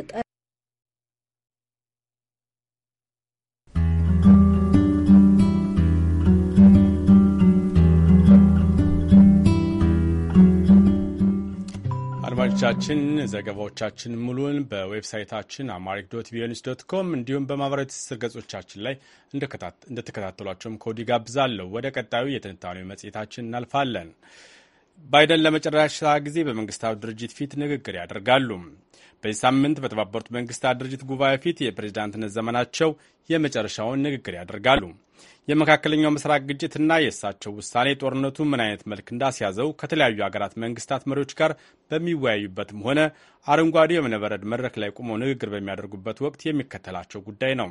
[SPEAKER 1] ዘጋቢዎቻችን ዘገባዎቻችን ሙሉን በዌብሳይታችን አማሪክ ዶት ቪኦኤ ዶት ኮም እንዲሁም በማህበራዊ ትስስር ገጾቻችን ላይ እንደተከታተሏቸውም ከወዲህ ጋብዛለሁ። ወደ ቀጣዩ የትንታኔው መጽሔታችን እናልፋለን። ባይደን ለመጨረሻ ጊዜ በመንግስታቱ ድርጅት ፊት ንግግር ያደርጋሉ። በዚህ ሳምንት በተባበሩት መንግስታት ድርጅት ጉባኤ ፊት የፕሬዚዳንትነት ዘመናቸው የመጨረሻውን ንግግር ያደርጋሉ። የመካከለኛው ምስራቅ ግጭትና የእሳቸው ውሳኔ ጦርነቱ ምን አይነት መልክ እንዳስያዘው ከተለያዩ ሀገራት መንግስታት መሪዎች ጋር በሚወያዩበትም ሆነ አረንጓዴ የእብነበረድ መድረክ ላይ ቁመው ንግግር በሚያደርጉበት ወቅት የሚከተላቸው ጉዳይ ነው።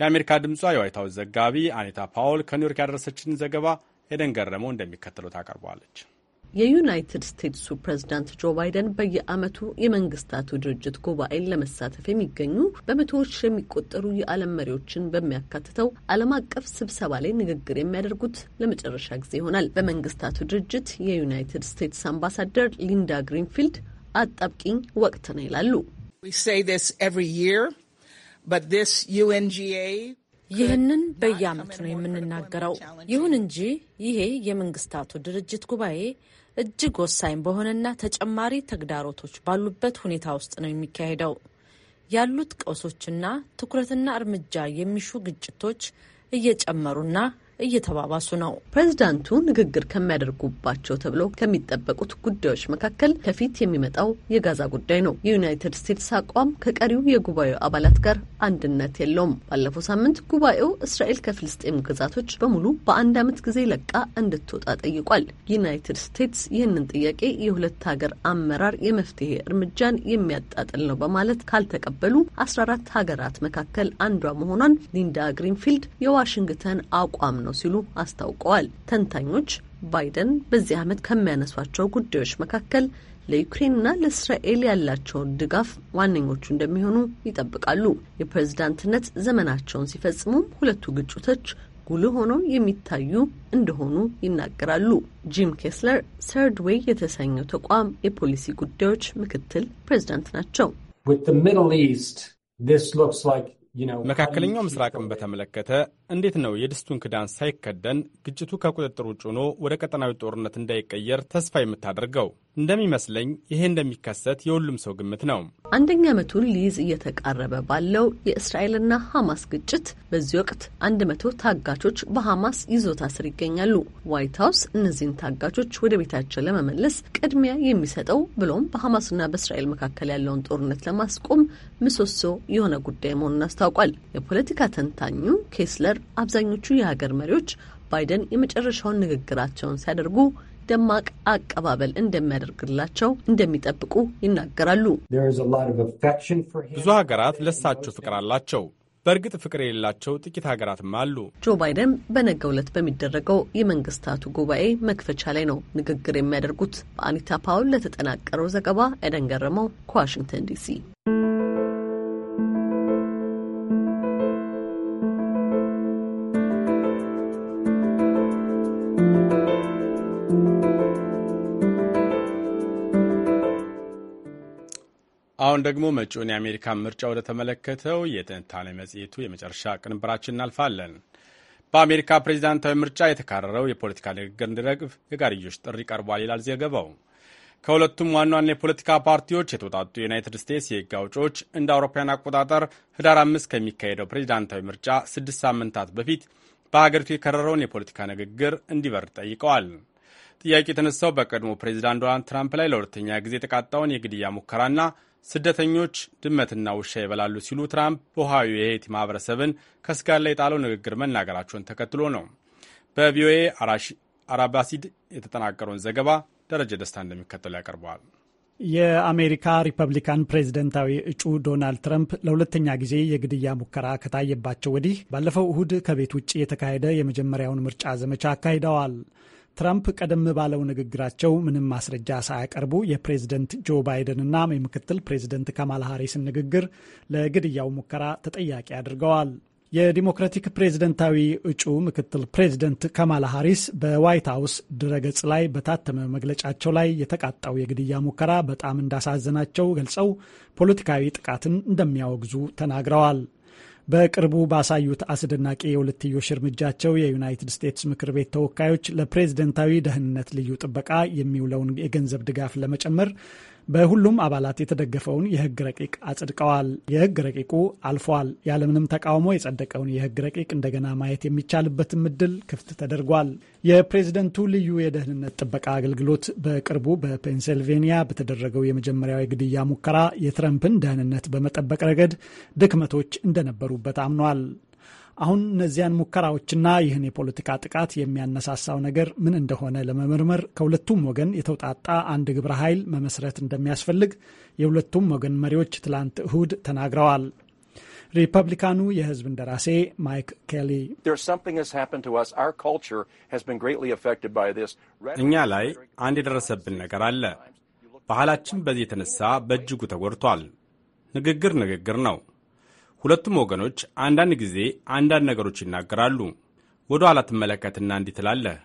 [SPEAKER 1] የአሜሪካ ድምጿ የዋይት ሀውስ ዘጋቢ አኒታ ፓውል ከኒውዮርክ ያደረሰችን ዘገባ ኤደን ገረመው እንደሚከተለው ታቀርበዋለች።
[SPEAKER 11] የዩናይትድ ስቴትሱ ፕሬዝዳንት ጆ ባይደን በየዓመቱ የመንግስታቱ ድርጅት ጉባኤን ለመሳተፍ የሚገኙ በመቶዎች የሚቆጠሩ የዓለም መሪዎችን በሚያካትተው ዓለም አቀፍ ስብሰባ ላይ ንግግር የሚያደርጉት ለመጨረሻ ጊዜ ይሆናል። በመንግስታቱ ድርጅት የዩናይትድ ስቴትስ አምባሳደር ሊንዳ ግሪንፊልድ አጣብቂኝ ወቅት ነው ይላሉ። ይህንን በየዓመቱ ነው የምንናገረው። ይሁን እንጂ ይሄ የመንግስታቱ ድርጅት ጉባኤ እጅግ ወሳኝ በሆነና ተጨማሪ ተግዳሮቶች ባሉበት ሁኔታ ውስጥ ነው የሚካሄደው። ያሉት ቀውሶችና ትኩረትና እርምጃ የሚሹ ግጭቶች እየጨመሩና እየተባባሱ ነው። ፕሬዚዳንቱ ንግግር ከሚያደርጉባቸው ተብለው ከሚጠበቁት ጉዳዮች መካከል ከፊት የሚመጣው የጋዛ ጉዳይ ነው። የዩናይትድ ስቴትስ አቋም ከቀሪው የጉባኤው አባላት ጋር አንድነት የለውም። ባለፈው ሳምንት ጉባኤው እስራኤል ከፍልስጤም ግዛቶች በሙሉ በአንድ ዓመት ጊዜ ለቃ እንድትወጣ ጠይቋል። ዩናይትድ ስቴትስ ይህንን ጥያቄ የሁለት ሀገር አመራር የመፍትሄ እርምጃን የሚያጣጥል ነው በማለት ካልተቀበሉ አስራ አራት ሀገራት መካከል አንዷ መሆኗን ሊንዳ ግሪንፊልድ የዋሽንግተን አቋም ነው ነው ሲሉ አስታውቀዋል። ተንታኞች ባይደን በዚህ ዓመት ከሚያነሷቸው ጉዳዮች መካከል ለዩክሬንና ለእስራኤል ያላቸውን ድጋፍ ዋነኞቹ እንደሚሆኑ ይጠብቃሉ። የፕሬዝዳንትነት ዘመናቸውን ሲፈጽሙም ሁለቱ ግጭቶች ጉልህ ሆነው የሚታዩ እንደሆኑ ይናገራሉ። ጂም ኬስለር ሰርድ ዌይ የተሰኘው ተቋም የፖሊሲ ጉዳዮች ምክትል ፕሬዝዳንት
[SPEAKER 4] ናቸው።
[SPEAKER 1] መካከለኛው ምስራቅን በተመለከተ እንዴት ነው የድስቱን ክዳን ሳይከደን ግጭቱ ከቁጥጥር ውጭ ሆኖ ወደ ቀጠናዊ ጦርነት እንዳይቀየር ተስፋ የምታደርገው? እንደሚመስለኝ ይሄ እንደሚከሰት የሁሉም ሰው ግምት ነው።
[SPEAKER 11] አንደኛ ዓመቱን ሊይዝ እየተቃረበ ባለው የእስራኤልና ሐማስ ግጭት በዚህ ወቅት አንድ መቶ ታጋቾች በሐማስ ይዞታ ስር ይገኛሉ። ዋይት ሀውስ እነዚህን ታጋቾች ወደ ቤታቸው ለመመለስ ቅድሚያ የሚሰጠው ብሎም በሐማስና በእስራኤል መካከል ያለውን ጦርነት ለማስቆም ምሰሶ የሆነ ጉዳይ መሆኑን አስታውቋል። የፖለቲካ ተንታኙ ኬስለር አብዛኞቹ የሀገር መሪዎች ባይደን የመጨረሻውን ንግግራቸውን ሲያደርጉ ደማቅ አቀባበል እንደሚያደርግላቸው እንደሚጠብቁ ይናገራሉ።
[SPEAKER 1] ብዙ ሀገራት ለሳቸው ፍቅር አላቸው። በእርግጥ ፍቅር የሌላቸው ጥቂት ሀገራትም አሉ።
[SPEAKER 11] ጆ ባይደን በነገው ዕለት በሚደረገው የመንግስታቱ ጉባኤ መክፈቻ ላይ ነው ንግግር የሚያደርጉት። በአኒታ ፓውል ለተጠናቀረው ዘገባ ኤደን ገረመው ከዋሽንግተን
[SPEAKER 2] ዲሲ
[SPEAKER 1] አሁን ደግሞ መጪውን የአሜሪካን ምርጫ ወደ ተመለከተው የትንታኔ መጽሔቱ የመጨረሻ ቅንብራችን እናልፋለን። በአሜሪካ ፕሬዚዳንታዊ ምርጫ የተካረረው የፖለቲካ ንግግር እንዲረግፍ የጋርዮሽ ጥሪ ቀርቧል ይላል ዘገባው። ከሁለቱም ዋና ዋና የፖለቲካ ፓርቲዎች የተውጣጡ የዩናይትድ ስቴትስ የህግ አውጪዎች እንደ አውሮፓውያን አቆጣጠር ህዳር አምስት ከሚካሄደው ፕሬዚዳንታዊ ምርጫ ስድስት ሳምንታት በፊት በሀገሪቱ የከረረውን የፖለቲካ ንግግር እንዲበር ጠይቀዋል። ጥያቄ የተነሳው በቀድሞ ፕሬዚዳንት ዶናልድ ትራምፕ ላይ ለሁለተኛ ጊዜ የተቃጣውን የግድያ ሙከራና ስደተኞች ድመትና ውሻ ይበላሉ ሲሉ ትራምፕ በኦሃዮ የሄቲ ማህበረሰብን ከስጋት ላይ የጣለው ንግግር መናገራቸውን ተከትሎ ነው። በቪኦኤ አራባሲድ የተጠናቀረውን ዘገባ ደረጀ ደስታ እንደሚከተሉ ያቀርበዋል።
[SPEAKER 10] የአሜሪካ ሪፐብሊካን ፕሬዝደንታዊ እጩ ዶናልድ ትራምፕ ለሁለተኛ ጊዜ የግድያ ሙከራ ከታየባቸው ወዲህ ባለፈው እሁድ ከቤት ውጭ የተካሄደ የመጀመሪያውን ምርጫ ዘመቻ አካሂደዋል። ትራምፕ ቀደም ባለው ንግግራቸው ምንም ማስረጃ ሳያቀርቡ የፕሬዝደንት ጆ ባይደንና የምክትል ፕሬዝደንት ካማላ ሃሪስን ንግግር ለግድያው ሙከራ ተጠያቂ አድርገዋል። የዲሞክራቲክ ፕሬዝደንታዊ እጩ ምክትል ፕሬዝደንት ካማላ ሃሪስ በዋይት ሀውስ ድረገጽ ላይ በታተመ መግለጫቸው ላይ የተቃጣው የግድያ ሙከራ በጣም እንዳሳዘናቸው ገልጸው ፖለቲካዊ ጥቃትን እንደሚያወግዙ ተናግረዋል። በቅርቡ ባሳዩት አስደናቂ የሁለትዮሽ እርምጃቸው የዩናይትድ ስቴትስ ምክር ቤት ተወካዮች ለፕሬዝደንታዊ ደህንነት ልዩ ጥበቃ የሚውለውን የገንዘብ ድጋፍ ለመጨመር በሁሉም አባላት የተደገፈውን የህግ ረቂቅ አጽድቀዋል። የህግ ረቂቁ አልፏል። ያለምንም ተቃውሞ የጸደቀውን የህግ ረቂቅ እንደገና ማየት የሚቻልበትም እድል ክፍት ተደርጓል። የፕሬዝደንቱ ልዩ የደህንነት ጥበቃ አገልግሎት በቅርቡ በፔንሲልቬኒያ በተደረገው የመጀመሪያው የግድያ ሙከራ የትረምፕን ደህንነት በመጠበቅ ረገድ ድክመቶች እንደነበሩበት አምኗል። አሁን እነዚያን ሙከራዎችና ይህን የፖለቲካ ጥቃት የሚያነሳሳው ነገር ምን እንደሆነ ለመመርመር ከሁለቱም ወገን የተውጣጣ አንድ ግብረ ኃይል መመስረት እንደሚያስፈልግ የሁለቱም ወገን መሪዎች ትላንት እሁድ ተናግረዋል። ሪፐብሊካኑ የህዝብ እንደራሴ ማይክ
[SPEAKER 2] ኬሊ እኛ
[SPEAKER 1] ላይ አንድ የደረሰብን ነገር አለ። ባህላችን በዚህ የተነሳ በእጅጉ ተጎድቷል። ንግግር ንግግር ነው። ሁለቱም ወገኖች አንዳንድ ጊዜ አንዳንድ ነገሮች ይናገራሉ። ወደ ኋላ ትመለከትና እንዲህ ትላለህ፣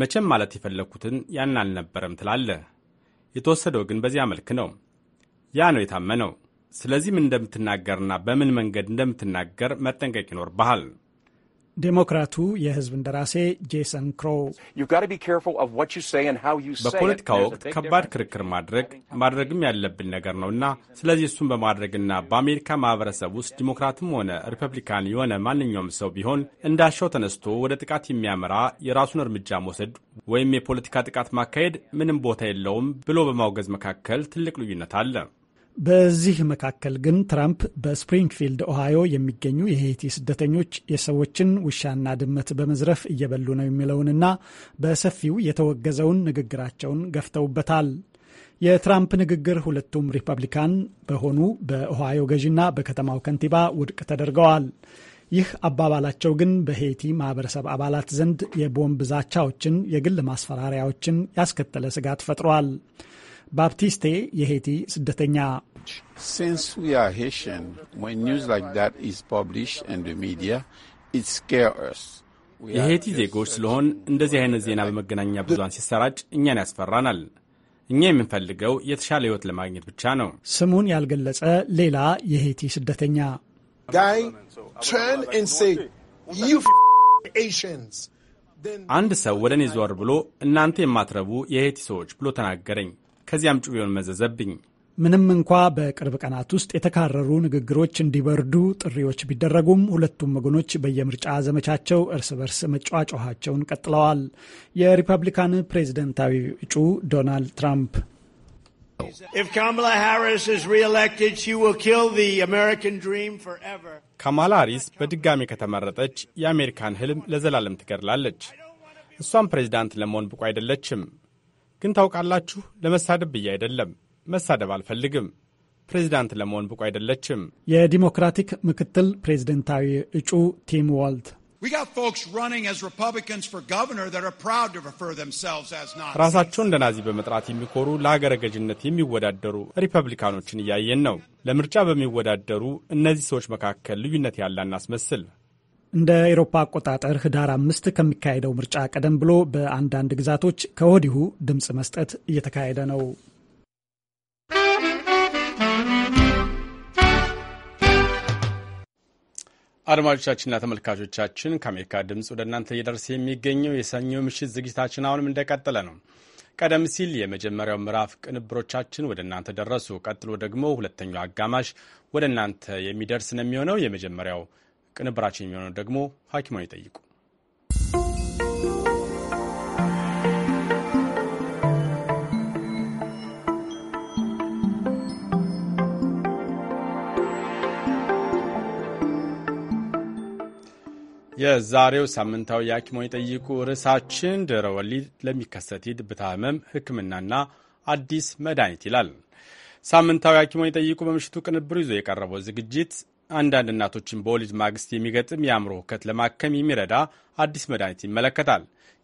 [SPEAKER 1] መቼም ማለት የፈለግኩትን ያን አልነበረም ትላለህ። የተወሰደው ግን በዚያ መልክ ነው። ያ ነው የታመነው። ስለዚህ ምን እንደምትናገርና በምን መንገድ እንደምትናገር መጠንቀቅ ይኖርብሃል።
[SPEAKER 10] ዴሞክራቱ የህዝብ እንደራሴ ጄሰን ክሮው
[SPEAKER 2] በፖለቲካ ወቅት
[SPEAKER 1] ከባድ ክርክር ማድረግ ማድረግም ያለብን ነገር ነውና ስለዚህ እሱን በማድረግና በአሜሪካ ማህበረሰብ ውስጥ ዲሞክራትም ሆነ ሪፐብሊካን የሆነ ማንኛውም ሰው ቢሆን እንዳሻው ተነስቶ ወደ ጥቃት የሚያመራ የራሱን እርምጃ መውሰድ ወይም የፖለቲካ ጥቃት ማካሄድ ምንም ቦታ የለውም ብሎ በማውገዝ መካከል ትልቅ ልዩነት አለ።
[SPEAKER 10] በዚህ መካከል ግን ትራምፕ በስፕሪንግፊልድ ኦሃዮ የሚገኙ የሄይቲ ስደተኞች የሰዎችን ውሻና ድመት በመዝረፍ እየበሉ ነው የሚለውንና በሰፊው የተወገዘውን ንግግራቸውን ገፍተውበታል። የትራምፕ ንግግር ሁለቱም ሪፐብሊካን በሆኑ በኦሃዮ ገዢና በከተማው ከንቲባ ውድቅ ተደርገዋል። ይህ አባባላቸው ግን በሄይቲ ማህበረሰብ አባላት ዘንድ የቦምብ ዛቻዎችን፣ የግል ማስፈራሪያዎችን ያስከተለ ስጋት ፈጥሯል። ባፕቲስቴ የሄቲ ስደተኛ
[SPEAKER 1] የሄቲ ዜጎች ስለሆን እንደዚህ አይነት ዜና በመገናኛ ብዙሃን ሲሰራጭ እኛን ያስፈራናል። እኛ የምንፈልገው የተሻለ ሕይወት ለማግኘት ብቻ ነው።
[SPEAKER 10] ስሙን ያልገለጸ ሌላ የሄቲ ስደተኛ
[SPEAKER 1] አንድ ሰው ወደ እኔ ዞር ብሎ እናንተ የማትረቡ የሄቲ ሰዎች ብሎ ተናገረኝ። ከዚያም ጩቤውን መዘዘብኝ።
[SPEAKER 10] ምንም እንኳ በቅርብ ቀናት ውስጥ የተካረሩ ንግግሮች እንዲበርዱ ጥሪዎች ቢደረጉም ሁለቱም ወገኖች በየምርጫ ዘመቻቸው እርስ በርስ መጫዋጫኋቸውን ቀጥለዋል። የሪፐብሊካን ፕሬዝደንታዊ እጩ ዶናልድ ትራምፕ
[SPEAKER 1] ካማላ ሃሪስ በድጋሚ ከተመረጠች የአሜሪካን ህልም ለዘላለም ትገድላለች። እሷም ፕሬዚዳንት ለመሆን ብቁ አይደለችም። ግን ታውቃላችሁ፣ ለመሳደብ ብዬ አይደለም። መሳደብ አልፈልግም። ፕሬዚዳንት ለመሆን ብቁ አይደለችም።
[SPEAKER 10] የዲሞክራቲክ ምክትል ፕሬዚደንታዊ እጩ ቲም ዋልት
[SPEAKER 1] ራሳቸውን እንደ ናዚ በመጥራት የሚኮሩ ለአገረ ገዥነት የሚወዳደሩ ሪፐብሊካኖችን እያየን ነው። ለምርጫ በሚወዳደሩ እነዚህ ሰዎች መካከል ልዩነት ያለ አናስመስል።
[SPEAKER 10] እንደ ኤሮፓ አቆጣጠር ህዳር አምስት ከሚካሄደው ምርጫ ቀደም ብሎ በአንዳንድ ግዛቶች ከወዲሁ ድምፅ መስጠት እየተካሄደ ነው።
[SPEAKER 1] አድማጮቻችንና ተመልካቾቻችን ከአሜሪካ ድምፅ ወደ እናንተ እየደረሰ የሚገኘው የሰኞ ምሽት ዝግጅታችን አሁንም እንደቀጠለ ነው። ቀደም ሲል የመጀመሪያው ምዕራፍ ቅንብሮቻችን ወደ እናንተ ደረሱ። ቀጥሎ ደግሞ ሁለተኛው አጋማሽ ወደ እናንተ የሚደርስ ነው የሚሆነው። የመጀመሪያው ቅንብራችን የሚሆነው ደግሞ ሐኪሟን ይጠይቁ የዛሬው ሳምንታዊ የሐኪሞን የጠይቁ ርዕሳችን ድህረ ወሊድ ለሚከሰት የብታ ህመም ህክምናና አዲስ መድኃኒት ይላል። ሳምንታዊ ሐኪሞን የጠይቁ በምሽቱ ቅንብሩ ይዞ የቀረበው ዝግጅት አንዳንድ እናቶችን በወሊድ ማግስት የሚገጥም የአእምሮ ውከት ለማከም የሚረዳ አዲስ መድኃኒት ይመለከታል።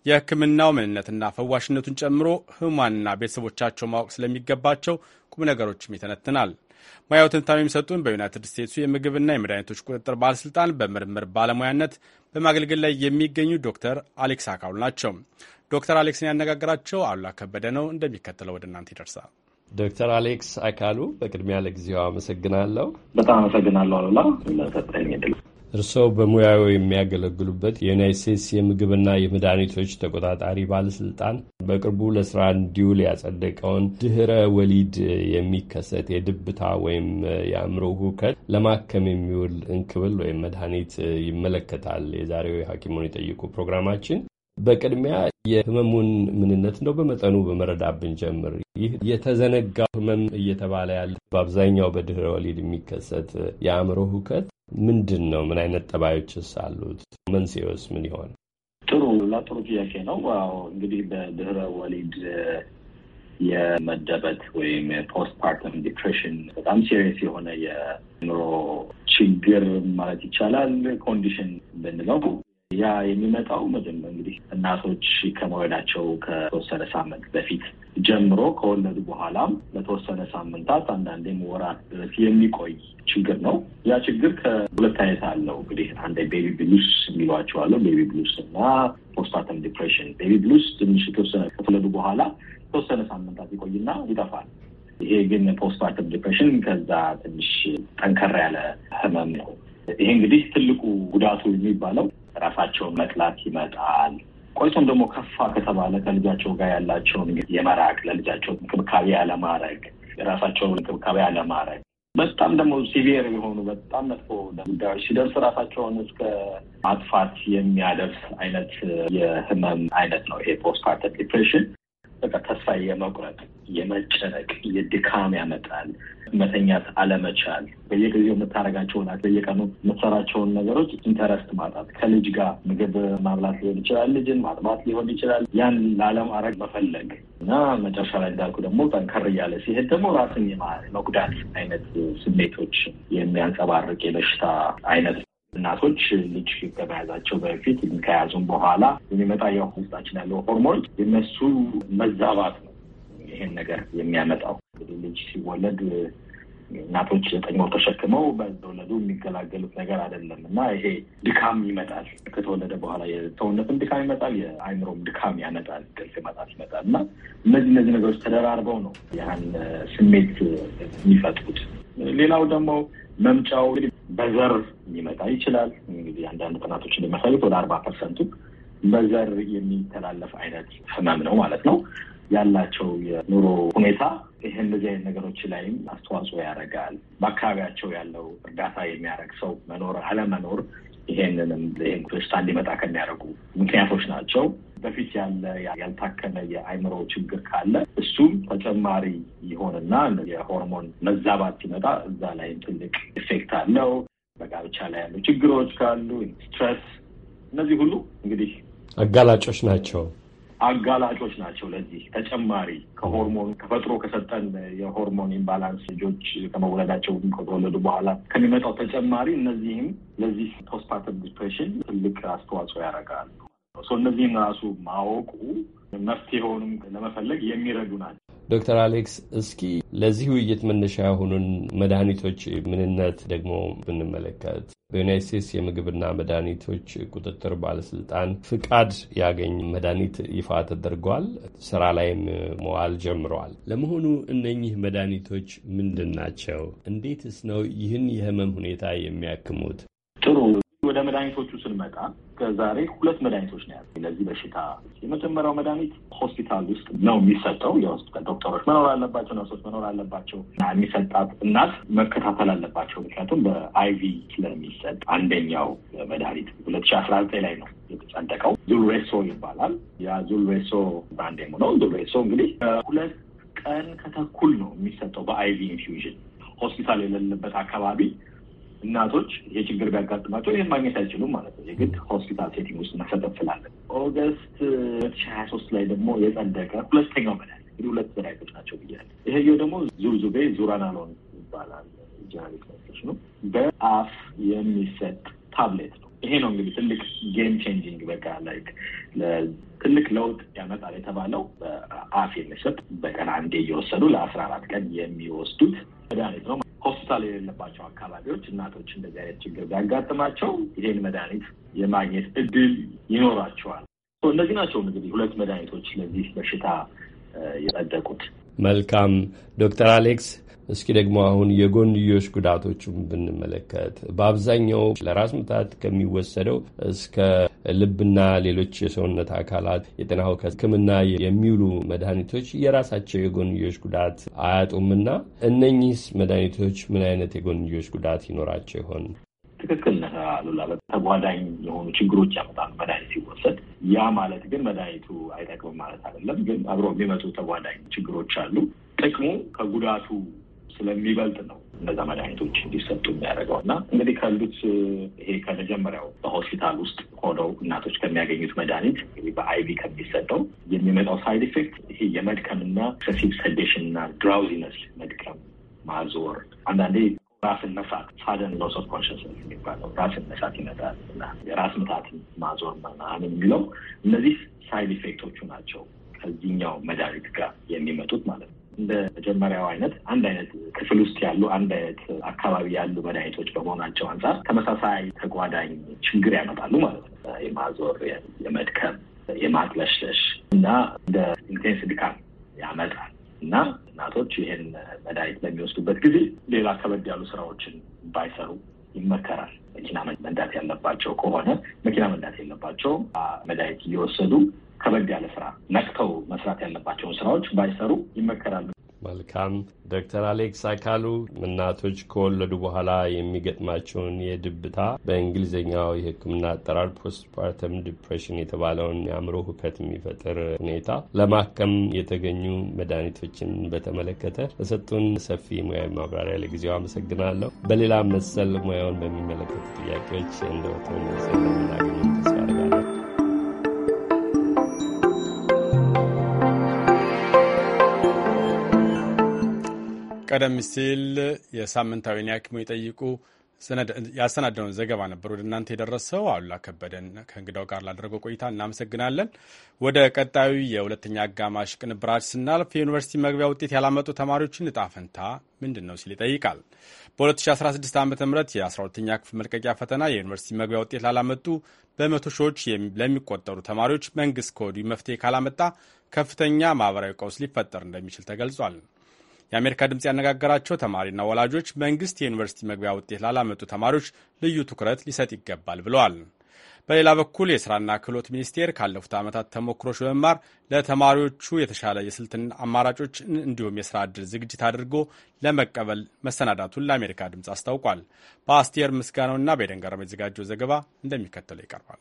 [SPEAKER 1] የህክምናው ምንነትና ፈዋሽነቱን ጨምሮ ህሙማንና ቤተሰቦቻቸው ማወቅ ስለሚገባቸው ቁም ነገሮችም ይተነትናል። ሙያው ትንታኔ የሚሰጡን በዩናይትድ ስቴትሱ የምግብና የመድኃኒቶች ቁጥጥር ባለስልጣን በምርምር ባለሙያነት በማገልገል ላይ የሚገኙ ዶክተር አሌክስ አካሉ ናቸው። ዶክተር አሌክስን ያነጋግራቸው አሉላ ከበደ ነው። እንደሚከተለው ወደ እናንተ ይደርሳል። ዶክተር አሌክስ አካሉ በቅድሚያ ለጊዜው አመሰግናለሁ። በጣም አመሰግናለሁ አሉላ ለሰጠኝ ዕድል።
[SPEAKER 12] እርስዎ በሙያው የሚያገለግሉበት የዩናይት ስቴትስ የምግብና የመድኃኒቶች ተቆጣጣሪ ባለስልጣን በቅርቡ ለስራ እንዲውል ያጸደቀውን ድህረ ወሊድ የሚከሰት የድብታ ወይም የአእምሮ ሁከት ለማከም የሚውል እንክብል ወይም መድኃኒት ይመለከታል። የዛሬው የሐኪሙን የጠይቁ ፕሮግራማችን በቅድሚያ የህመሙን ምንነት እንደው በመጠኑ በመረዳት ብንጀምር። ይህ የተዘነጋው ህመም እየተባለ ያለ በአብዛኛው በድህረ ወሊድ የሚከሰት የአእምሮ ሁከት ምንድን ነው? ምን አይነት ጠባዮችስ አሉት? መንስኤውስ ምን ይሆን?
[SPEAKER 4] ጥሩ ለጥሩ ጥያቄ ነው። እንግዲህ በድህረ ወሊድ የመደበት ወይም የፖስትፓርተም ዲፕሬሽን በጣም ሲሪየስ የሆነ የኑሮ ችግር ማለት ይቻላል ኮንዲሽን ብንለው ያ የሚመጣው መጀመሪያ እንግዲህ እናቶች ከመወዳቸው ከተወሰነ ሳምንት በፊት ጀምሮ ከወለዱ በኋላም ለተወሰነ ሳምንታት አንዳንዴም ወራት ድረስ የሚቆይ ችግር ነው። ያ ችግር ከሁለት አይነት አለው እንግዲህ አንድ ቤቢ ብሉስ የሚሏቸው አለው ቤቢ ብሉስ እና ፖስታተም ዲፕሬሽን። ቤቢ ብሉስ ትንሽ የተወሰነ ከተወለዱ በኋላ ተወሰነ ሳምንታት ይቆይና ይጠፋል። ይሄ ግን ፖስትፓርተም ዲፕሬሽን ከዛ ትንሽ ጠንከር ያለ ህመም ነው። ይሄ እንግዲህ ትልቁ ጉዳቱ የሚባለው ራሳቸውን መጥላት ይመጣል። ቆይቶም ደግሞ ከፋ ከተባለ ከልጃቸው ጋር ያላቸውን የመራቅ ለልጃቸው እንክብካቤ አለማድረግ፣ የራሳቸውን እንክብካቤ አለማድረግ በጣም ደግሞ ሲቪየር የሆኑ በጣም መጥፎ ጉዳዮች ሲደርስ ራሳቸውን እስከ ማጥፋት የሚያደርስ አይነት የህመም አይነት ነው ይሄ ፖስት ዲፕሬሽን። በቃ ተስፋ የመቁረጥ የመጨነቅ የድካም ያመጣል። መተኛት አለመቻል፣ በየጊዜው የምታደርጋቸውን በየቀኑ የምትሰራቸውን ነገሮች ኢንተረስት ማጣት፣ ከልጅ ጋር ምግብ ማብላት ሊሆን ይችላል፣ ልጅን ማጥባት ሊሆን ይችላል። ያን ላለማድረግ መፈለግ እና መጨረሻ ላይ እንዳልኩ ደግሞ ጠንከር እያለ ሲሄድ ደግሞ ራስን የመጉዳት አይነት ስሜቶች የሚያንጸባርቅ የበሽታ አይነት እናቶች ልጅ ከመያዛቸው በፊት ከያዙም በኋላ የሚመጣ ያው ውስጣችን ያለው ሆርሞን የነሱ መዛባት ነው ይህን ነገር የሚያመጣው። እንግዲህ ልጅ ሲወለድ እናቶች ዘጠኝ ወር ተሸክመው በተወለዱ የሚገላገሉት ነገር አይደለም እና ይሄ ድካም ይመጣል። ከተወለደ በኋላ የሰውነትም ድካም ይመጣል፣ የአይምሮም ድካም ያመጣል፣ እንቅልፍ ይመጣል ይመጣል እና እነዚህ እነዚህ ነገሮች ተደራርበው ነው ያህን ስሜት የሚፈጥሩት። ሌላው ደግሞ መምጫው በዘር ሊመጣ ይችላል። እንግዲህ አንዳንድ ጥናቶች እንደሚያሳዩት ወደ አርባ ፐርሰንቱ በዘር የሚተላለፍ አይነት ህመም ነው ማለት ነው። ያላቸው የኑሮ ሁኔታ ይህ እንደዚህ አይነት ነገሮች ላይም አስተዋጽኦ ያደርጋል። በአካባቢያቸው ያለው እርዳታ የሚያደርግ ሰው መኖር አለመኖር ይሄንንም ይህን በሽታ እንዲመጣ ከሚያደርጉ ምክንያቶች ናቸው። በፊት ያለ ያልታከመ የአይምሮ ችግር ካለ እሱም ተጨማሪ ይሆንና የሆርሞን መዛባት ሲመጣ እዛ ላይም ትልቅ ኢፌክት አለው። በጋብቻ ላይ ያሉ ችግሮች ካሉ ስትረስ፣ እነዚህ ሁሉ እንግዲህ
[SPEAKER 12] አጋላጮች ናቸው
[SPEAKER 4] አጋላጮች ናቸው። ለዚህ ተጨማሪ ከሆርሞን ተፈጥሮ ከሰጠን የሆርሞን ኢምባላንስ ልጆች ከመውለዳቸው ከተወለዱ በኋላ ከሚመጣው ተጨማሪ እነዚህም ለዚህ ፖስፓርተም ዲፕሬሽን ትልቅ አስተዋጽኦ ያደርጋሉ። እነዚህን ራሱ ማወቁ መፍትሄውንም ለመፈለግ የሚረዱ ናቸው።
[SPEAKER 12] ዶክተር አሌክስ እስኪ ለዚህ ውይይት መነሻ የሆኑን መድኃኒቶች ምንነት ደግሞ ብንመለከት በዩናይት ስቴትስ የምግብና መድኃኒቶች ቁጥጥር ባለስልጣን ፍቃድ ያገኝ መድኃኒት ይፋ ተደርጓል። ስራ ላይም መዋል ጀምረዋል። ለመሆኑ እነኚህ መድኃኒቶች ምንድን ናቸው? እንዴትስ ነው ይህን የህመም ሁኔታ የሚያክሙት? ጥሩ
[SPEAKER 4] ወደ መድኃኒቶቹ ስንመጣ ከዛሬ ሁለት መድኃኒቶች ነው ያለ ለዚህ በሽታ። የመጀመሪያው መድኃኒት ሆስፒታል ውስጥ ነው የሚሰጠው። የሆስፒታል ዶክተሮች መኖር አለባቸው፣ ነርሶች መኖር አለባቸው የሚሰጣት እናት መከታተል አለባቸው። ምክንያቱም በአይቪ ስለሚሰጥ አንደኛው መድኃኒት ሁለት ሺ አስራ ዘጠኝ ላይ ነው የተጸደቀው። ዙልሬሶ ይባላል። ያ ዙልሬሶ ብራንድ ነው። ዙልሬሶ እንግዲህ ሁለት ቀን ከተኩል ነው የሚሰጠው በአይቪ ኢንፊውዥን ሆስፒታል የሌለበት አካባቢ እናቶች ይሄ ችግር ቢያጋጥማቸው ይህን ማግኘት አይችሉም ማለት ነው። የግድ ሆስፒታል ሴቲንግ ውስጥ መሰጠት ስላለን ኦገስት ሁለት ሺህ ሀያ ሶስት ላይ ደግሞ የጸደቀ ሁለተኛው መድኃኒት እንግዲህ ሁለት መድኃኒቶች ናቸው ብያለሁ። ይሄየው ደግሞ ዙርዙቤ ዙራናሎን ይባላል። ጀነሪክ ነው። በአፍ የሚሰጥ ታብሌት ነው። ይሄ ነው እንግዲህ ትልቅ ጌም ቼንጂንግ በቃ ላይክ ትልቅ ለውጥ ያመጣል የተባለው በአፍ የሚሰጥ በቀን አንዴ እየወሰዱ ለአስራ አራት ቀን የሚወስዱት መድኃኒት ነው። ሆስፒታል የሌለባቸው አካባቢዎች እናቶች እንደዚህ አይነት ችግር ቢያጋጥማቸው ይሄን መድኃኒት የማግኘት እድል ይኖራቸዋል። እነዚህ ናቸው እንግዲህ ሁለት መድኃኒቶች ለዚህ በሽታ የጸደቁት።
[SPEAKER 12] መልካም ዶክተር አሌክስ እስኪ ደግሞ አሁን የጎንዮሽ ጉዳቶቹን ብንመለከት በአብዛኛው ለራስ ምታት ከሚወሰደው እስከ ልብና ሌሎች የሰውነት አካላት የጤና ሕክምና የሚውሉ መድኃኒቶች የራሳቸው የጎንዮሽ ጉዳት አያጡምና እነኚህስ መድኃኒቶች ምን አይነት የጎንዮሽ ጉዳት ይኖራቸው ይሆን?
[SPEAKER 4] ትክክል ነህ አሉላ። ተጓዳኝ የሆኑ
[SPEAKER 12] ችግሮች ያመጣሉ
[SPEAKER 4] መድኃኒት ሲወሰድ። ያ ማለት ግን መድኃኒቱ አይጠቅምም ማለት አይደለም። ግን አብሮ የሚመጡ ተጓዳኝ ችግሮች አሉ። ጥቅሙ ከጉዳቱ ስለሚበልጥ ነው እነዛ መድኃኒቶች እንዲሰጡ የሚያደርገው እና እንግዲህ ካሉት ይሄ ከመጀመሪያው በሆስፒታል ውስጥ ሆነው እናቶች ከሚያገኙት መድኃኒት በአይቪ ከሚሰጠው የሚመጣው ሳይድ ኢፌክት ይሄ የመድከምና ኤክሰሲቭ ሰዴሽን እና ድራውዚነስ መድከም፣ ማዞር፣ አንዳንዴ ራስን መሳት ሳደን ሎስ ኦፍ ኮንሽንስ የሚባለው ራስን መሳት ይመጣል እና የራስ ምታትን ማዞር ምናምን የሚለው እነዚህ ሳይድ ኢፌክቶቹ ናቸው ከዚህኛው መድኃኒት ጋር የሚመጡት ማለት ነው። እንደ መጀመሪያው አይነት አንድ አይነት ክፍል ውስጥ ያሉ አንድ አይነት አካባቢ ያሉ መድኃኒቶች በመሆናቸው አንጻር ተመሳሳይ ተጓዳኝ ችግር ያመጣሉ ማለት ነው። የማዞር፣ የመድከም፣ የማቅለሽለሽ እና እንደ ኢንቴንስ ድካም ያመጣል እና እናቶች ይህን መድኃኒት በሚወስዱበት ጊዜ ሌላ ከበድ ያሉ ስራዎችን ባይሰሩ ይመከራል። መኪና መንዳት ያለባቸው ከሆነ መኪና መንዳት የለባቸው መድኃኒት እየወሰዱ ከበድ ያለ ስራ ነቅተው መስራት ያለባቸውን ስራዎች ባይሰሩ ይመከራሉ።
[SPEAKER 12] መልካም ዶክተር አሌክስ አካሉ እናቶች ከወለዱ በኋላ የሚገጥማቸውን የድብታ በእንግሊዝኛው የሕክምና አጠራር ፖስትፓርተም ዲፕሬሽን የተባለውን የአእምሮ ሁከት የሚፈጥር ሁኔታ ለማከም የተገኙ መድኃኒቶችን በተመለከተ ለሰጡን ሰፊ ሙያዊ ማብራሪያ ለጊዜው አመሰግናለሁ። በሌላ መሰል ሙያውን በሚመለከቱ ጥያቄዎች እንደ ወትሮ መልሰን ተስፋ አደርጋለሁ።
[SPEAKER 1] ቀደም ሲል የሳምንታዊን ሐኪሙን ይጠይቁ ያሰናደውን ዘገባ ነበር ወደ እናንተ የደረሰው። አሉላ ከበደን ከእንግዳው ጋር ላደረገው ቆይታ እናመሰግናለን። ወደ ቀጣዩ የሁለተኛ አጋማሽ ቅንብራች ስናልፍ የዩኒቨርሲቲ መግቢያ ውጤት ያላመጡ ተማሪዎችን እጣ ፈንታ ምንድን ነው ሲል ይጠይቃል። በ2016 ዓ ም የ12ኛ ክፍል መልቀቂያ ፈተና የዩኒቨርሲቲ መግቢያ ውጤት ላላመጡ በመቶ ሺዎች ለሚቆጠሩ ተማሪዎች መንግስት ከወዲሁ መፍትሄ ካላመጣ ከፍተኛ ማህበራዊ ቀውስ ሊፈጠር እንደሚችል ተገልጿል። የአሜሪካ ድምፅ ያነጋገራቸው ተማሪና ወላጆች መንግስት የዩኒቨርሲቲ መግቢያ ውጤት ላላመጡ ተማሪዎች ልዩ ትኩረት ሊሰጥ ይገባል ብለዋል። በሌላ በኩል የስራና ክህሎት ሚኒስቴር ካለፉት ዓመታት ተሞክሮች በመማር ለተማሪዎቹ የተሻለ የስልትን አማራጮች እንዲሁም የስራ ዕድል ዝግጅት አድርጎ ለመቀበል መሰናዳቱን ለአሜሪካ ድምፅ አስታውቋል። በአስቴር ምስጋናውና በደንገረም የተዘጋጀው ዘገባ እንደሚከተለው ይቀርባል።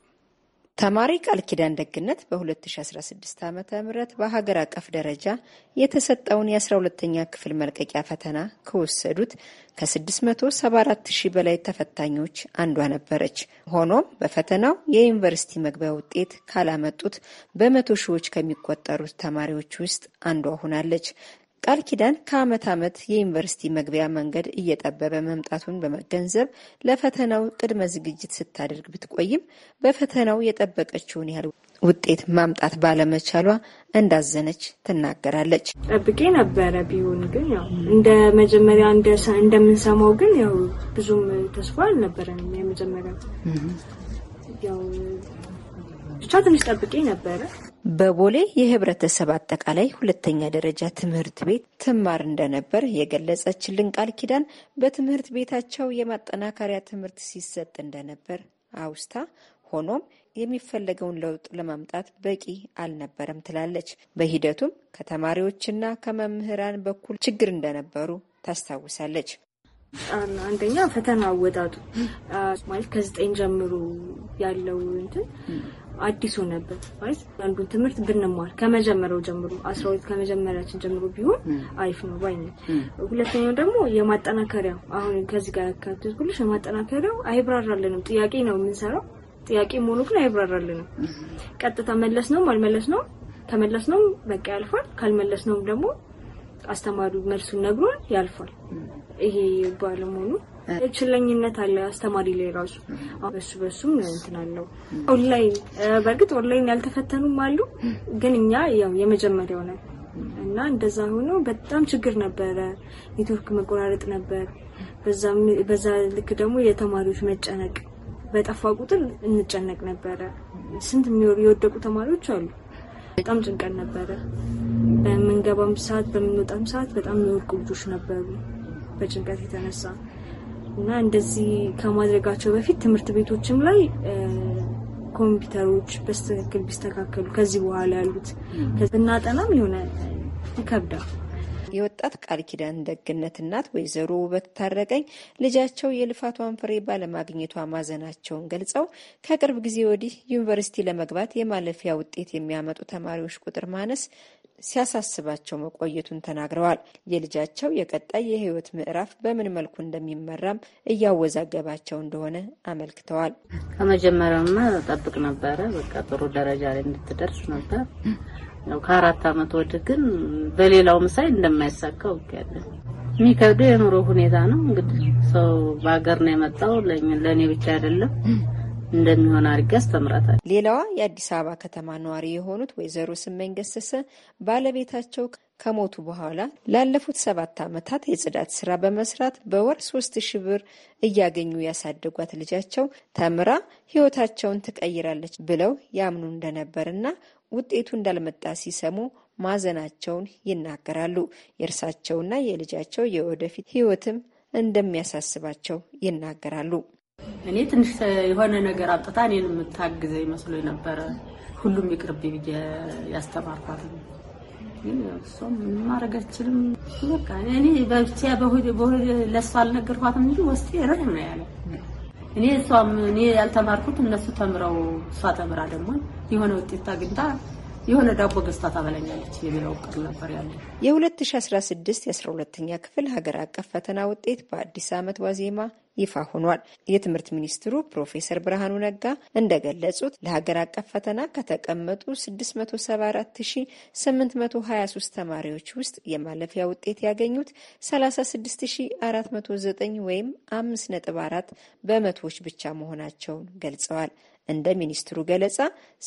[SPEAKER 13] ተማሪ ቃል ኪዳን ደግነት በ2016 ዓ ም በሀገር አቀፍ ደረጃ የተሰጠውን የ12ተኛ ክፍል መልቀቂያ ፈተና ከወሰዱት ከ674 ሺህ በላይ ተፈታኞች አንዷ ነበረች። ሆኖም በፈተናው የዩኒቨርሲቲ መግቢያ ውጤት ካላመጡት በመቶ ሺዎች ከሚቆጠሩት ተማሪዎች ውስጥ አንዷ ሆናለች። ቃል ኪዳን ከዓመት ዓመት የዩኒቨርሲቲ መግቢያ መንገድ እየጠበበ መምጣቱን በመገንዘብ ለፈተናው ቅድመ ዝግጅት ስታደርግ ብትቆይም
[SPEAKER 14] በፈተናው የጠበቀችውን ያህል
[SPEAKER 13] ውጤት ማምጣት ባለመቻሏ እንዳዘነች
[SPEAKER 14] ትናገራለች። ጠብቄ ነበረ ቢሆን ግን ያው እንደ መጀመሪያ እንደምንሰማው ግን ያው ብዙም ተስፋ አልነበረንም። የመጀመሪያ ያው ብቻ ትንሽ ጠብቄ ነበረ።
[SPEAKER 13] በቦሌ የህብረተሰብ አጠቃላይ ሁለተኛ ደረጃ ትምህርት ቤት ትማር እንደነበር የገለጸችልን ቃል ኪዳን በትምህርት ቤታቸው የማጠናከሪያ ትምህርት ሲሰጥ እንደነበር አውስታ ሆኖም የሚፈለገውን ለውጥ ለማምጣት በቂ አልነበረም ትላለች። በሂደቱም ከተማሪዎችና ከመምህራን በኩል ችግር እንደነበሩ ታስታውሳለች።
[SPEAKER 14] አንደኛ ፈተና አወጣጡ ማለት ከዘጠኝ ጀምሮ ያለው እንትን አዲስ ነበር ማለት አንዱን ትምህርት ብንማር ከመጀመሪያው ጀምሮ አስራ ሁለት ከመጀመሪያችን ጀምሮ ቢሆን አሪፍ ነው ባይነት። ሁለተኛው ደግሞ የማጠናከሪያው አሁን ከዚህ ጋር ሁሉሽ የማጠናከሪያው አይብራራልንም። ጥያቄ ነው የምንሰራው። ጥያቄ መሆኑ ግን አይብራራልንም። ቀጥታ መለስ ነውም አልመለስ ነው ከመለስ ነው በቃ ያልፋል። ካልመለስ ነውም ደግሞ አስተማሪው መልሱን ነግሮን ያልፋል። ይሄ ባለመሆኑ ችለኝነት አለ አስተማሪ ላይ ራሱ በሱ በሱም እንትን አለው። ኦንላይን በእርግጥ ኦንላይን ያልተፈተኑም አሉ፣ ግን እኛ ያው የመጀመሪያው ነው እና እንደዛ ሆኖ በጣም ችግር ነበረ። ኔትወርክ መቆራረጥ ነበር። በዛ ልክ ደግሞ የተማሪዎች መጨነቅ በጠፋ ቁጥር እንጨነቅ ነበረ። ስንት የወደቁ ተማሪዎች አሉ። በጣም ጭንቀት ነበረ። በምንገባም ሰዓት፣ በምንወጣም ሰዓት በጣም የወድቁ ልጆች ነበሩ በጭንቀት የተነሳ እና እንደዚህ ከማድረጋቸው በፊት ትምህርት ቤቶችም ላይ ኮምፒውተሮች በስትክክል ቢስተካከሉ ከዚህ በኋላ ያሉት ብናጠናም የሆነ
[SPEAKER 13] ይከብዳል። የወጣት ቃል ኪዳን ደግነት እናት ወይዘሮ ውበት ታረቀኝ ልጃቸው የልፋቷን ፍሬ ባለማግኘቷ ማዘናቸውን ገልጸው ከቅርብ ጊዜ ወዲህ ዩኒቨርሲቲ ለመግባት የማለፊያ ውጤት የሚያመጡ ተማሪዎች ቁጥር ማነስ ሲያሳስባቸው መቆየቱን ተናግረዋል። የልጃቸው የቀጣይ የህይወት ምዕራፍ በምን መልኩ እንደሚመራም እያወዛገባቸው እንደሆነ አመልክተዋል። ከመጀመሪያውማ
[SPEAKER 8] ጠብቅ ነበረ፣ በቃ ጥሩ ደረጃ ላይ እንድትደርስ ነበር። ያው ከአራት አመት ወዲህ ግን በሌላው ምሳይ እንደማይሳካው እውቅያለን። የሚከብደው የኑሮ ሁኔታ ነው። እንግዲህ ሰው በሀገር ነው የመጣው ለእኔ ብቻ አይደለም እንደሚሆን አድርጌ
[SPEAKER 13] አስተምራታል። ሌላዋ የአዲስ አበባ ከተማ ነዋሪ የሆኑት ወይዘሮ ስመኝ ገሰሰ ባለቤታቸው ከሞቱ በኋላ ላለፉት ሰባት ዓመታት የጽዳት ስራ በመስራት በወር ሶስት ሺህ ብር እያገኙ ያሳደጓት ልጃቸው ተምራ ህይወታቸውን ትቀይራለች ብለው ያምኑ እንደነበርና ውጤቱ እንዳልመጣ ሲሰሙ ማዘናቸውን ይናገራሉ። የእርሳቸውና የልጃቸው የወደፊት ህይወትም እንደሚያሳስባቸው ይናገራሉ። እኔ ትንሽ የሆነ ነገር አምጥታ እኔን የምታግዘ
[SPEAKER 8] ይመስሎ ነበረ። ሁሉም ይቅርብ ብዬ ያስተማርኳት ግን እሷም ማድረግ አትችልም። በቃ እኔ በብቻ በሁድ በሁድ ለእሷ አልነገርኳትም እንጂ ውስጤ ረም ነው ያለ። እኔ እሷም እኔ ያልተማርኩት እነሱ ተምረው እሷ ተምራ ደግሞ የሆነ ውጤት አግኝታ የሆነ ዳቦ ገዝታ ታበላኛለች የሚለው ቅር ነበር ያለ።
[SPEAKER 13] የ2016 የ12ኛ ክፍል ሀገር አቀፍ ፈተና ውጤት በአዲስ ዓመት ዋዜማ ይፋ ሆኗል። የትምህርት ሚኒስትሩ ፕሮፌሰር ብርሃኑ ነጋ እንደገለጹት ለሀገር አቀፍ ፈተና ከተቀመጡ 674823 ተማሪዎች ውስጥ የማለፊያ ውጤት ያገኙት 36409 ወይም 5.4 በመቶዎች ብቻ መሆናቸውን ገልጸዋል። እንደ ሚኒስትሩ ገለጻ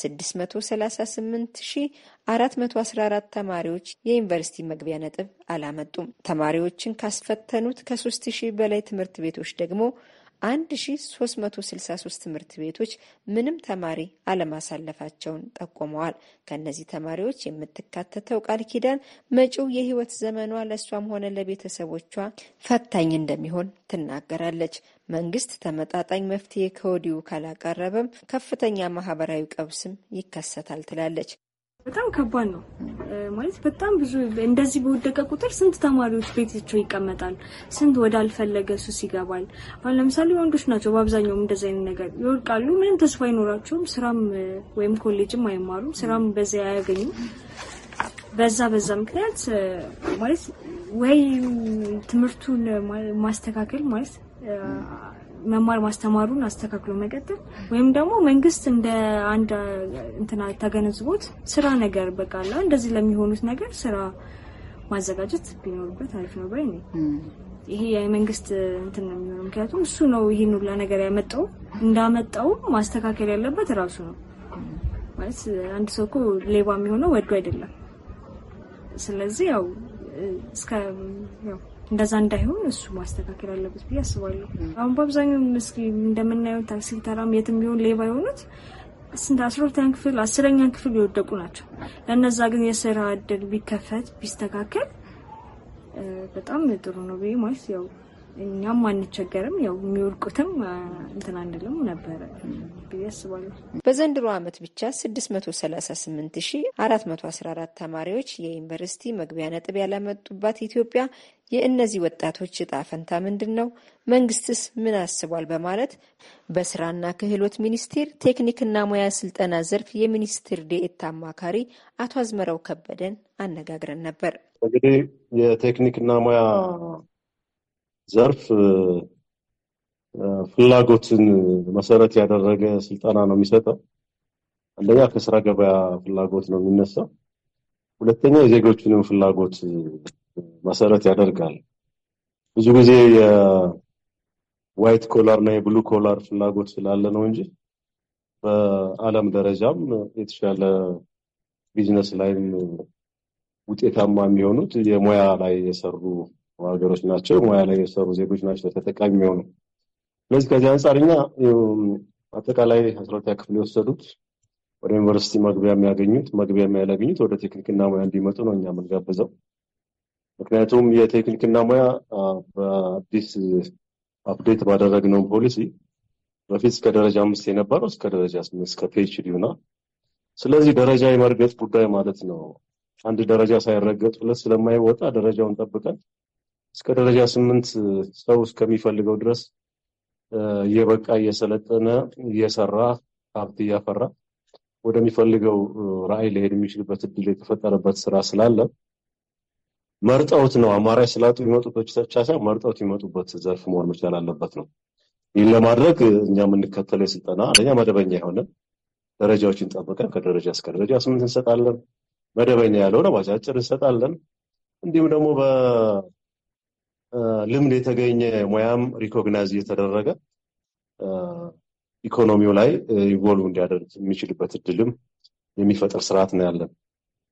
[SPEAKER 13] 638414 ተማሪዎች የዩኒቨርሲቲ መግቢያ ነጥብ አላመጡም። ተማሪዎችን ካስፈተኑት ከ3000 በላይ ትምህርት ቤቶች ደግሞ 1363 ትምህርት ቤቶች ምንም ተማሪ አለማሳለፋቸውን ጠቁመዋል። ከእነዚህ ተማሪዎች የምትካተተው ቃል ኪዳን መጪው የህይወት ዘመኗ ለእሷም ሆነ ለቤተሰቦቿ ፈታኝ እንደሚሆን ትናገራለች። መንግስት ተመጣጣኝ መፍትሄ ከወዲሁ ካላቀረበም ከፍተኛ
[SPEAKER 14] ማህበራዊ ቀውስም ይከሰታል ትላለች። በጣም ከባድ ነው ማለት በጣም ብዙ እንደዚህ በወደቀ ቁጥር ስንት ተማሪዎች ቤታቸው ይቀመጣል፣ ስንት ወደ አልፈለገ ሱስ ይገባል። አሁን ለምሳሌ ወንዶች ናቸው በአብዛኛውም እንደዚ አይነት ነገር ይወድቃሉ። ምንም ተስፋ አይኖራቸውም፣ ስራም ወይም ኮሌጅም አይማሩም፣ ስራም በዛ አያገኙም። በዛ በዛ ምክንያት ማለት ወይ ትምህርቱን ማስተካከል ማለት መማር ማስተማሩን አስተካክሎ መቀጠል ወይም ደግሞ መንግስት እንደ አንድ እንትና ተገነዝቦት ስራ ነገር በቃ እንደዚህ ለሚሆኑት ነገር ስራ ማዘጋጀት ቢኖርበት አሪፍ ነው ባይ ነኝ። ይሄ የመንግስት እንትን ነው የሚሆነው። ምክንያቱም እሱ ነው ይሄን ሁላ ነገር ያመጣው። እንዳመጣው ማስተካከል ያለበት ራሱ ነው ማለት አንድ ሰው እኮ ሌባ የሚሆነው ወዶ አይደለም። ስለዚህ ያው እስከ ያው እንደዛ እንዳይሆን እሱ ማስተካከል አለበት ብዬ አስባለሁ። አሁን በአብዛኛው ምስ እንደምናየው ታክሲ ተራም የትም ቢሆን ሌባ የሆኑት ስንት አስራ ክፍል አስረኛ ክፍል የወደቁ ናቸው። ለእነዛ ግን የስራ እድል ቢከፈት ቢስተካከል በጣም ጥሩ ነው ብዬ ማለት ያው እኛም አንቸገርም ያው የሚወርቁትም እንትን አንልም ነበረ ብዬ አስባለሁ።
[SPEAKER 13] በዘንድሮ ዓመት ብቻ 638414 ተማሪዎች የዩኒቨርሲቲ መግቢያ ነጥብ ያላመጡባት ኢትዮጵያ የእነዚህ ወጣቶች እጣ ፈንታ ምንድን ነው? መንግስትስ ምን አስቧል? በማለት በስራና ክህሎት ሚኒስቴር ቴክኒክና ሙያ ስልጠና ዘርፍ የሚኒስትር ዴኤታ አማካሪ አቶ አዝመራው ከበደን አነጋግረን ነበር።
[SPEAKER 9] እንግዲህ የቴክኒክና ሙያ ዘርፍ ፍላጎትን መሰረት ያደረገ ስልጠና ነው የሚሰጠው። አንደኛ ከስራ ገበያ ፍላጎት ነው የሚነሳው። ሁለተኛ የዜጎችንም ፍላጎት መሰረት ያደርጋል። ብዙ ጊዜ የዋይት ኮላር እና የብሉ ኮላር ፍላጎት ስላለ ነው እንጂ በዓለም ደረጃም የተሻለ ቢዝነስ ላይም ውጤታማ የሚሆኑት የሙያ ላይ የሰሩ ሀገሮች ናቸው። ሙያ ላይ የሰሩ ዜጎች ናቸው ተጠቃሚ የሚሆኑ። ስለዚህ ከዚህ አንጻር እኛ አጠቃላይ አስራ ክፍል የወሰዱት ወደ ዩኒቨርሲቲ መግቢያ የሚያገኙት መግቢያ የሚያላገኙት ወደ ቴክኒክና ሙያ እንዲመጡ ነው እኛ የምንጋብዘው። ምክንያቱም የቴክኒክና ሙያ በአዲስ አፕዴት ባደረግነው ፖሊሲ በፊት እስከ ደረጃ አምስት የነበረው እስከ ደረጃ ስምንት እስከ ፒኤችዲ ና ስለዚህ ደረጃ የመርገጥ ጉዳይ ማለት ነው። አንድ ደረጃ ሳይረገጥ ሁለት ስለማይወጣ ደረጃውን ጠብቀን እስከ ደረጃ ስምንት ሰው እስከሚፈልገው ድረስ እየበቃ እየሰለጠነ እየሰራ ሀብት እያፈራ ወደሚፈልገው ራዕይ ሊሄድ የሚችልበት እድል የተፈጠረበት ስራ ስላለ መርጠውት ነው አማራጭ ስላጡ የሚመጡበት ብቻ ሳይሆን መርጠውት የሚመጡበት ዘርፍ መሆን መቻል አለበት ነው። ይህን ለማድረግ እኛ የምንከተለው የስልጠና አንደኛ መደበኛ የሆነ ደረጃዎችን ጠብቀን ከደረጃ እስከ ደረጃ ስምንት እንሰጣለን። መደበኛ ያልሆነ ባጫጭር እንሰጣለን። እንዲሁም ደግሞ በልምድ የተገኘ ሙያም ሪኮግናይዝ እየተደረገ ኢኮኖሚው ላይ ኢንቮልቭ እንዲያደርግ የሚችልበት እድልም የሚፈጥር ስርዓት ነው ያለን።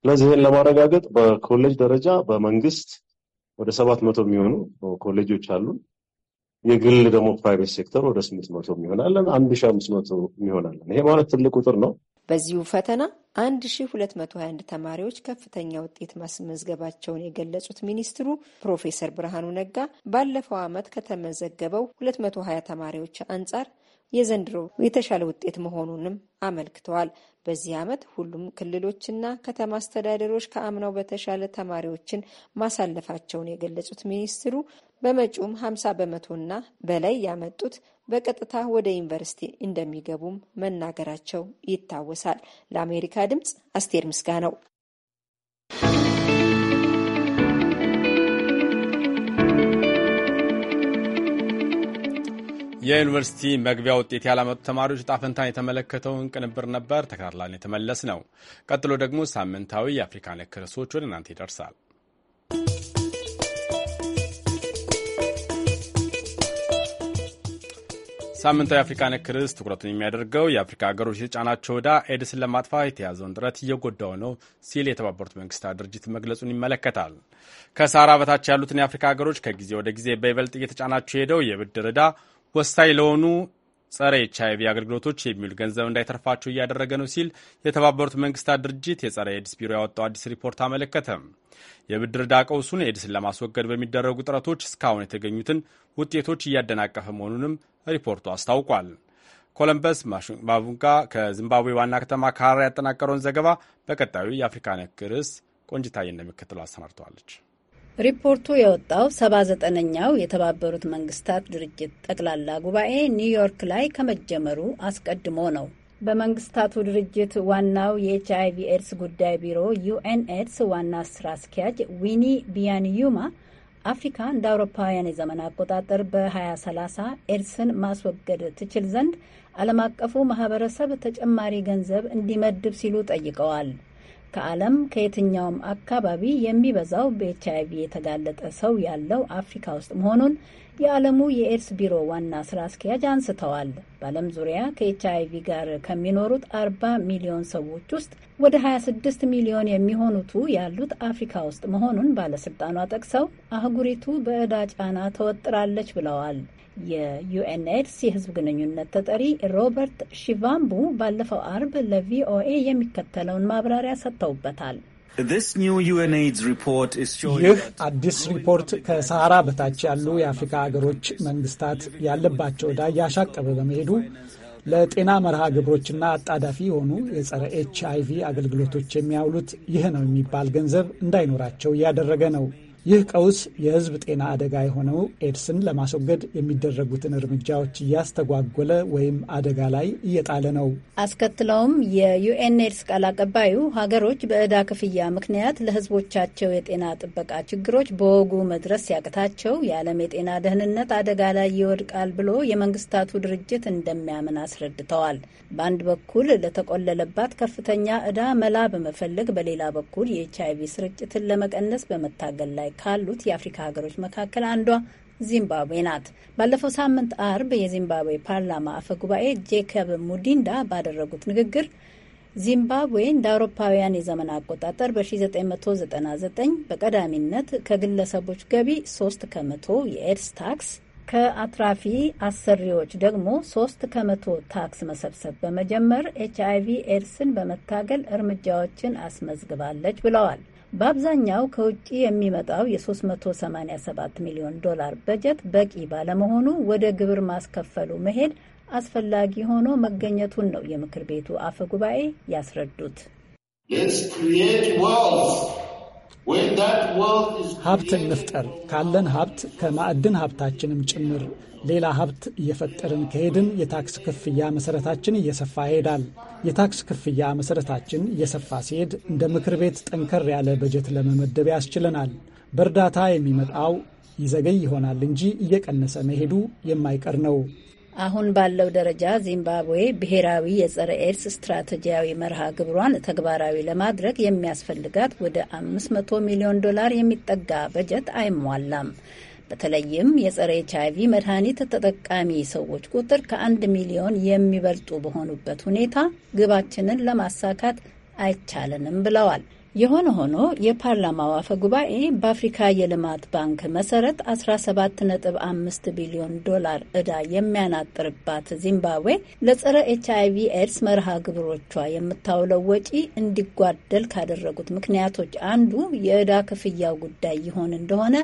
[SPEAKER 9] ስለዚህ ይህን ለማረጋገጥ በኮሌጅ ደረጃ በመንግስት ወደ ሰባት መቶ የሚሆኑ ኮሌጆች አሉ። የግል ደግሞ ፕራይቬት ሴክተር ወደ ስምንት መቶ የሚሆናለን አንድ ሺ አምስት መቶ የሚሆናለን። ይሄ ማለት ትልቅ ቁጥር ነው።
[SPEAKER 13] በዚሁ ፈተና አንድ ተማሪዎች ከፍተኛ ውጤት ማስመዝገባቸውን የገለጹት ሚኒስትሩ ፕሮፌሰር ብርሃኑ ነጋ ባለፈው ዓመት ከተመዘገበው ሀያ ተማሪዎች አንጻር የዘንድሮ የተሻለ ውጤት መሆኑንም አመልክተዋል። በዚህ ዓመት ሁሉም ክልሎችና ከተማ አስተዳደሮች ከአምናው በተሻለ ተማሪዎችን ማሳለፋቸውን የገለጹት ሚኒስትሩ በመጪውም 50 በመቶና በላይ ያመጡት በቀጥታ ወደ ዩኒቨርሲቲ እንደሚገቡም መናገራቸው ይታወሳል። ለአሜሪካ ድምፅ አስቴር ምስጋ ነው።
[SPEAKER 1] የዩኒቨርሲቲ መግቢያ ውጤት ያላመጡ ተማሪዎች ዕጣ ፈንታን የተመለከተውን ቅንብር ነበር። ተከታትለን የተመለስ ነው። ቀጥሎ ደግሞ ሳምንታዊ የአፍሪካ ነክ ርዕሶች ወደ እናንተ ይደርሳል። ሳምንታዊ የአፍሪካ ነክ ርዕስ ትኩረቱን የሚያደርገው የአፍሪካ ሀገሮች የተጫናቸው ዕዳ ኤድስን ለማጥፋት የተያዘውን ጥረት እየጎዳው ነው ሲል የተባበሩት መንግስታት ድርጅት መግለጹን ይመለከታል። ከሳራ በታች ያሉትን የአፍሪካ ሀገሮች ከጊዜ ወደ ጊዜ በይበልጥ እየተጫናቸው ሄደው የብድር ዕዳ ወሳኝ ለሆኑ ጸረ ኤች አይቪ አገልግሎቶች የሚውል ገንዘብ እንዳይተርፋቸው እያደረገ ነው ሲል የተባበሩት መንግስታት ድርጅት የጸረ ኤድስ ቢሮ ያወጣው አዲስ ሪፖርት አመለከተ። የብድር ዕዳ ቀውሱን ኤድስን ለማስወገድ በሚደረጉ ጥረቶች እስካሁን የተገኙትን ውጤቶች እያደናቀፈ መሆኑንም ሪፖርቱ አስታውቋል። ኮለምበስ ማቡንጋ ከዚምባብዌ ዋና ከተማ ካራ ያጠናቀረውን ዘገባ በቀጣዩ የአፍሪካ ነክ ርዕስ ቆንጅታዬ እንደሚከተለው አሰናድተዋለች።
[SPEAKER 8] ሪፖርቱ የወጣው 79ኛው የተባበሩት መንግስታት ድርጅት ጠቅላላ ጉባኤ ኒውዮርክ ላይ ከመጀመሩ አስቀድሞ ነው። በመንግስታቱ ድርጅት ዋናው የኤች ቪ ኤድስ ጉዳይ ቢሮ ዩኤን ኤድስ ዋና ስራ አስኪያጅ ዊኒ ቢያንዩማ አፍሪካ እንደ አውሮፓውያን የዘመን አቆጣጠር በ2030 ኤድስን ማስወገድ ትችል ዘንድ ዓለም አቀፉ ማህበረሰብ ተጨማሪ ገንዘብ እንዲመድብ ሲሉ ጠይቀዋል። ከዓለም ከየትኛውም አካባቢ የሚበዛው በኤች ቪ የተጋለጠ ሰው ያለው አፍሪካ ውስጥ መሆኑን የዓለሙ የኤድስ ቢሮ ዋና ስራ አስኪያጅ አንስተዋል። በዓለም ዙሪያ ከኤች አይቪ ጋር ከሚኖሩት 40 ሚሊዮን ሰዎች ውስጥ ወደ 26 ሚሊዮን የሚሆኑቱ ያሉት አፍሪካ ውስጥ መሆኑን ባለስልጣኗ ጠቅሰው አህጉሪቱ በዕዳ ጫና ተወጥራለች ብለዋል። የዩኤንኤድስ የህዝብ ግንኙነት ተጠሪ ሮበርት ሺቫምቡ ባለፈው አርብ ለቪኦኤ የሚከተለውን ማብራሪያ ሰጥተውበታል።
[SPEAKER 10] ይህ አዲስ ሪፖርት ከሰሃራ በታች ያሉ የአፍሪካ ሀገሮች መንግስታት ያለባቸው ዕዳ እያሻቀበ በመሄዱ ለጤና መርሃ ግብሮችና አጣዳፊ የሆኑ የጸረ ኤች አይቪ አገልግሎቶች የሚያውሉት ይህ ነው የሚባል ገንዘብ እንዳይኖራቸው እያደረገ ነው። ይህ ቀውስ የህዝብ ጤና አደጋ የሆነው ኤድስን ለማስወገድ የሚደረጉትን እርምጃዎች እያስተጓጎለ ወይም አደጋ ላይ እየጣለ ነው። አስከትለውም
[SPEAKER 8] የዩኤን ኤድስ ቃል አቀባዩ ሀገሮች በእዳ ክፍያ ምክንያት ለህዝቦቻቸው የጤና ጥበቃ ችግሮች በወጉ መድረስ ሲያቅታቸው የዓለም የጤና ደህንነት አደጋ ላይ ይወድቃል ብሎ የመንግስታቱ ድርጅት እንደሚያምን አስረድተዋል። በአንድ በኩል ለተቆለለባት ከፍተኛ እዳ መላ በመፈለግ በሌላ በኩል የኤች አይቪ ስርጭትን ለመቀነስ በመታገል ላይ ካሉት የአፍሪካ ሀገሮች መካከል አንዷ ዚምባብዌ ናት። ባለፈው ሳምንት አርብ የዚምባብዌ ፓርላማ አፈ ጉባኤ ጄከብ ሙዲንዳ ባደረጉት ንግግር ዚምባብዌ እንደ አውሮፓውያን የዘመን አቆጣጠር በ1999 በቀዳሚነት ከግለሰቦች ገቢ 3 ከመቶ የኤድስ ታክስ ከአትራፊ አሰሪዎች ደግሞ 3 ከመቶ ታክስ መሰብሰብ በመጀመር ኤች አይቪ ኤድስን በመታገል እርምጃዎችን አስመዝግባለች ብለዋል። በአብዛኛው ከውጭ የሚመጣው የ387 ሚሊዮን ዶላር በጀት በቂ ባለመሆኑ ወደ ግብር ማስከፈሉ መሄድ አስፈላጊ ሆኖ መገኘቱን ነው የምክር ቤቱ አፈ
[SPEAKER 10] ጉባኤ ያስረዱት። ሀብትን ንፍጠር፣ ካለን ሀብት ከማዕድን ሀብታችንም ጭምር ሌላ ሀብት እየፈጠርን ከሄድን የታክስ ክፍያ መሰረታችን እየሰፋ ይሄዳል። የታክስ ክፍያ መሰረታችን እየሰፋ ሲሄድ እንደ ምክር ቤት ጠንከር ያለ በጀት ለመመደብ ያስችለናል። በእርዳታ የሚመጣው ይዘገይ ይሆናል እንጂ እየቀነሰ መሄዱ የማይቀር ነው።
[SPEAKER 8] አሁን ባለው ደረጃ ዚምባብዌ ብሔራዊ የጸረ ኤድስ ስትራቴጂያዊ መርሃ ግብሯን ተግባራዊ ለማድረግ የሚያስፈልጋት ወደ 500 ሚሊዮን ዶላር የሚጠጋ በጀት አይሟላም። በተለይም የጸረ ኤች አይቪ መድኃኒት ተጠቃሚ ሰዎች ቁጥር ከአንድ ሚሊዮን የሚበልጡ በሆኑበት ሁኔታ ግባችንን ለማሳካት አይቻለንም ብለዋል። የሆነ ሆኖ የፓርላማው አፈ ጉባኤ በአፍሪካ የልማት ባንክ መሰረት 17.5 ቢሊዮን ዶላር እዳ የሚያናጥርባት ዚምባብዌ ለጸረ ኤች አይቪ ኤድስ መርሃ ግብሮቿ የምታውለው ወጪ እንዲጓደል ካደረጉት ምክንያቶች አንዱ የእዳ ክፍያው ጉዳይ ይሆን እንደሆነ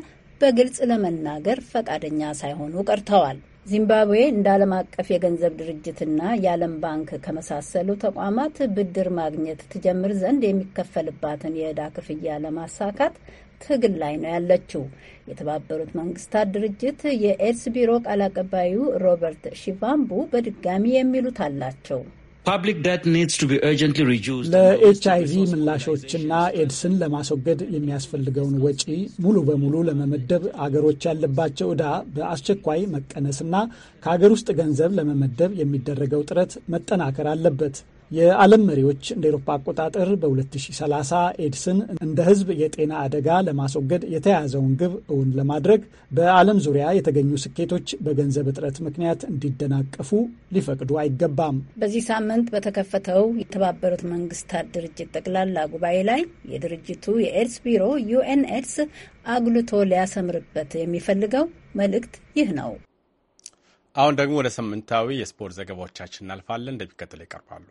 [SPEAKER 8] በግልጽ ለመናገር ፈቃደኛ ሳይሆኑ ቀርተዋል። ዚምባብዌ እንደ ዓለም አቀፍ የገንዘብ ድርጅትና የዓለም ባንክ ከመሳሰሉ ተቋማት ብድር ማግኘት ትጀምር ዘንድ የሚከፈልባትን የዕዳ ክፍያ ለማሳካት ትግል ላይ ነው ያለችው። የተባበሩት መንግስታት ድርጅት የኤድስ ቢሮ ቃል አቀባዩ ሮበርት ሺቫምቡ በድጋሚ የሚሉት አላቸው።
[SPEAKER 10] ለኤች አይቪ ምላሾችና ኤድስን ለማስወገድ የሚያስፈልገውን ወጪ ሙሉ በሙሉ ለመመደብ አገሮች ያለባቸው ዕዳ በአስቸኳይ መቀነስና ከሀገር ውስጥ ገንዘብ ለመመደብ የሚደረገው ጥረት መጠናከር አለበት። የዓለም መሪዎች እንደ ኤሮፓ አቆጣጠር በ2030 ኤድስን እንደ ሕዝብ የጤና አደጋ ለማስወገድ የተያዘውን ግብ እውን ለማድረግ በዓለም ዙሪያ የተገኙ ስኬቶች በገንዘብ እጥረት ምክንያት እንዲደናቀፉ ሊፈቅዱ አይገባም።
[SPEAKER 8] በዚህ ሳምንት በተከፈተው የተባበሩት መንግስታት ድርጅት ጠቅላላ ጉባኤ ላይ የድርጅቱ የኤድስ ቢሮ ዩኤን ኤድስ አጉልቶ ሊያሰምርበት የሚፈልገው መልእክት ይህ ነው።
[SPEAKER 1] አሁን ደግሞ ወደ ሳምንታዊ የስፖርት ዘገባዎቻችን እናልፋለን። እንደሚከተለው ይቀርባሉ።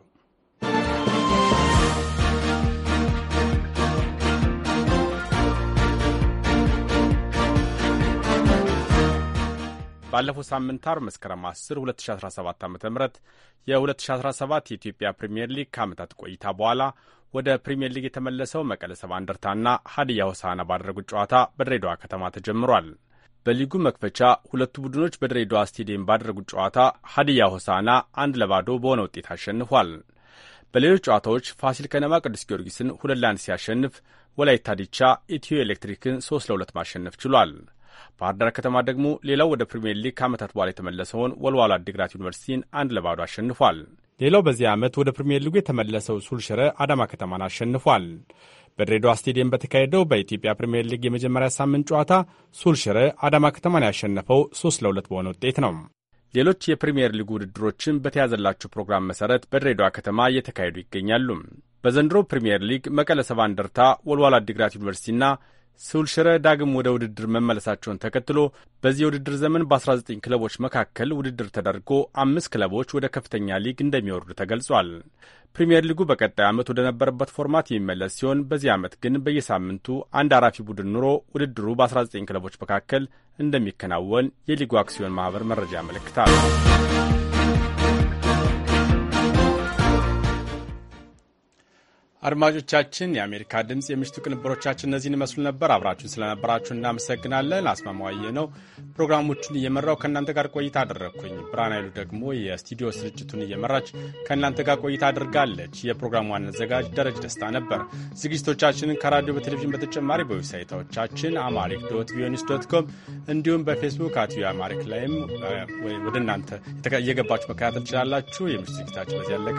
[SPEAKER 1] ባለፈው ሳምንት አርብ መስከረም 10 2017 ዓ.ም የ2017 የኢትዮጵያ ፕሪምየር ሊግ ከዓመታት ቆይታ በኋላ ወደ ፕሪምየር ሊግ የተመለሰው መቀለ ሰባ እንደርታና ሀዲያ ሆሳና ባደረጉት ጨዋታ በድሬዳዋ ከተማ ተጀምሯል። በሊጉ መክፈቻ ሁለቱ ቡድኖች በድሬዳዋ ስቴዲየም ባደረጉት ጨዋታ ሀዲያ ሆሳና አንድ ለባዶ በሆነ ውጤት አሸንፏል። በሌሎች ጨዋታዎች ፋሲል ከነማ ቅዱስ ጊዮርጊስን ሁለት ለአንድ ሲያሸንፍ ወላይታ ዲቻ ኢትዮ ኤሌክትሪክን ሶስት ለሁለት ማሸነፍ ችሏል። ባህር ዳር ከተማ ደግሞ ሌላው ወደ ፕሪምየር ሊግ ከዓመታት በኋላ የተመለሰውን ወልዋሎ አዲግራት ዩኒቨርሲቲን አንድ ለባዶ አሸንፏል። ሌላው በዚህ ዓመት ወደ ፕሪምየር ሊጉ የተመለሰው ሱልሽረ አዳማ ከተማን አሸንፏል። በድሬዳዋ ስቴዲየም በተካሄደው በኢትዮጵያ ፕሪምየር ሊግ የመጀመሪያ ሳምንት ጨዋታ ሱልሽረ አዳማ ከተማን ያሸነፈው ሶስት ለሁለት በሆነ ውጤት ነው። ሌሎች የፕሪምየር ሊግ ውድድሮችን በተያዘላቸው ፕሮግራም መሰረት በድሬዳዋ ከተማ እየተካሄዱ ይገኛሉ። በዘንድሮ ፕሪምየር ሊግ መቀለ ሰባ እንደርታ፣ ወልዋላ አዲግራት ዩኒቨርሲቲና ስውል ሽረ ዳግም ወደ ውድድር መመለሳቸውን ተከትሎ በዚህ የውድድር ዘመን በ19 ክለቦች መካከል ውድድር ተደርጎ አምስት ክለቦች ወደ ከፍተኛ ሊግ እንደሚወርዱ ተገልጿል። ፕሪምየር ሊጉ በቀጣይ ዓመት ወደ ነበረበት ፎርማት የሚመለስ ሲሆን በዚህ ዓመት ግን በየሳምንቱ አንድ አራፊ ቡድን ኑሮ ውድድሩ በ19 ክለቦች መካከል እንደሚከናወን የሊጉ አክሲዮን ማኅበር መረጃ ያመለክታል። አድማጮቻችን፣ የአሜሪካ ድምፅ የምሽቱ ቅንብሮቻችን እነዚህን ይመስሉ ነበር። አብራችሁን ስለነበራችሁ እናመሰግናለን። አስማማየ ነው ፕሮግራሞቹን እየመራው ከእናንተ ጋር ቆይታ አደረግኩኝ። ብርሃን ኃይሉ ደግሞ የስቱዲዮ ስርጭቱን እየመራች ከእናንተ ጋር ቆይታ አድርጋለች። የፕሮግራሙ ዋና አዘጋጅ ደረጅ ደስታ ነበር። ዝግጅቶቻችንን ከራዲዮ በቴሌቪዥን በተጨማሪ በዌብሳይታዎቻችን አማሪክ ዶት ቪኦኤኒውስ ዶት ኮም እንዲሁም በፌስቡክ አት ቪኦኤ አማሪክ ላይም ወደ እናንተ እየገባችሁ መከታተል ትችላላችሁ። የምሽቱ ዝግጅታችን በዚህ ያለቀ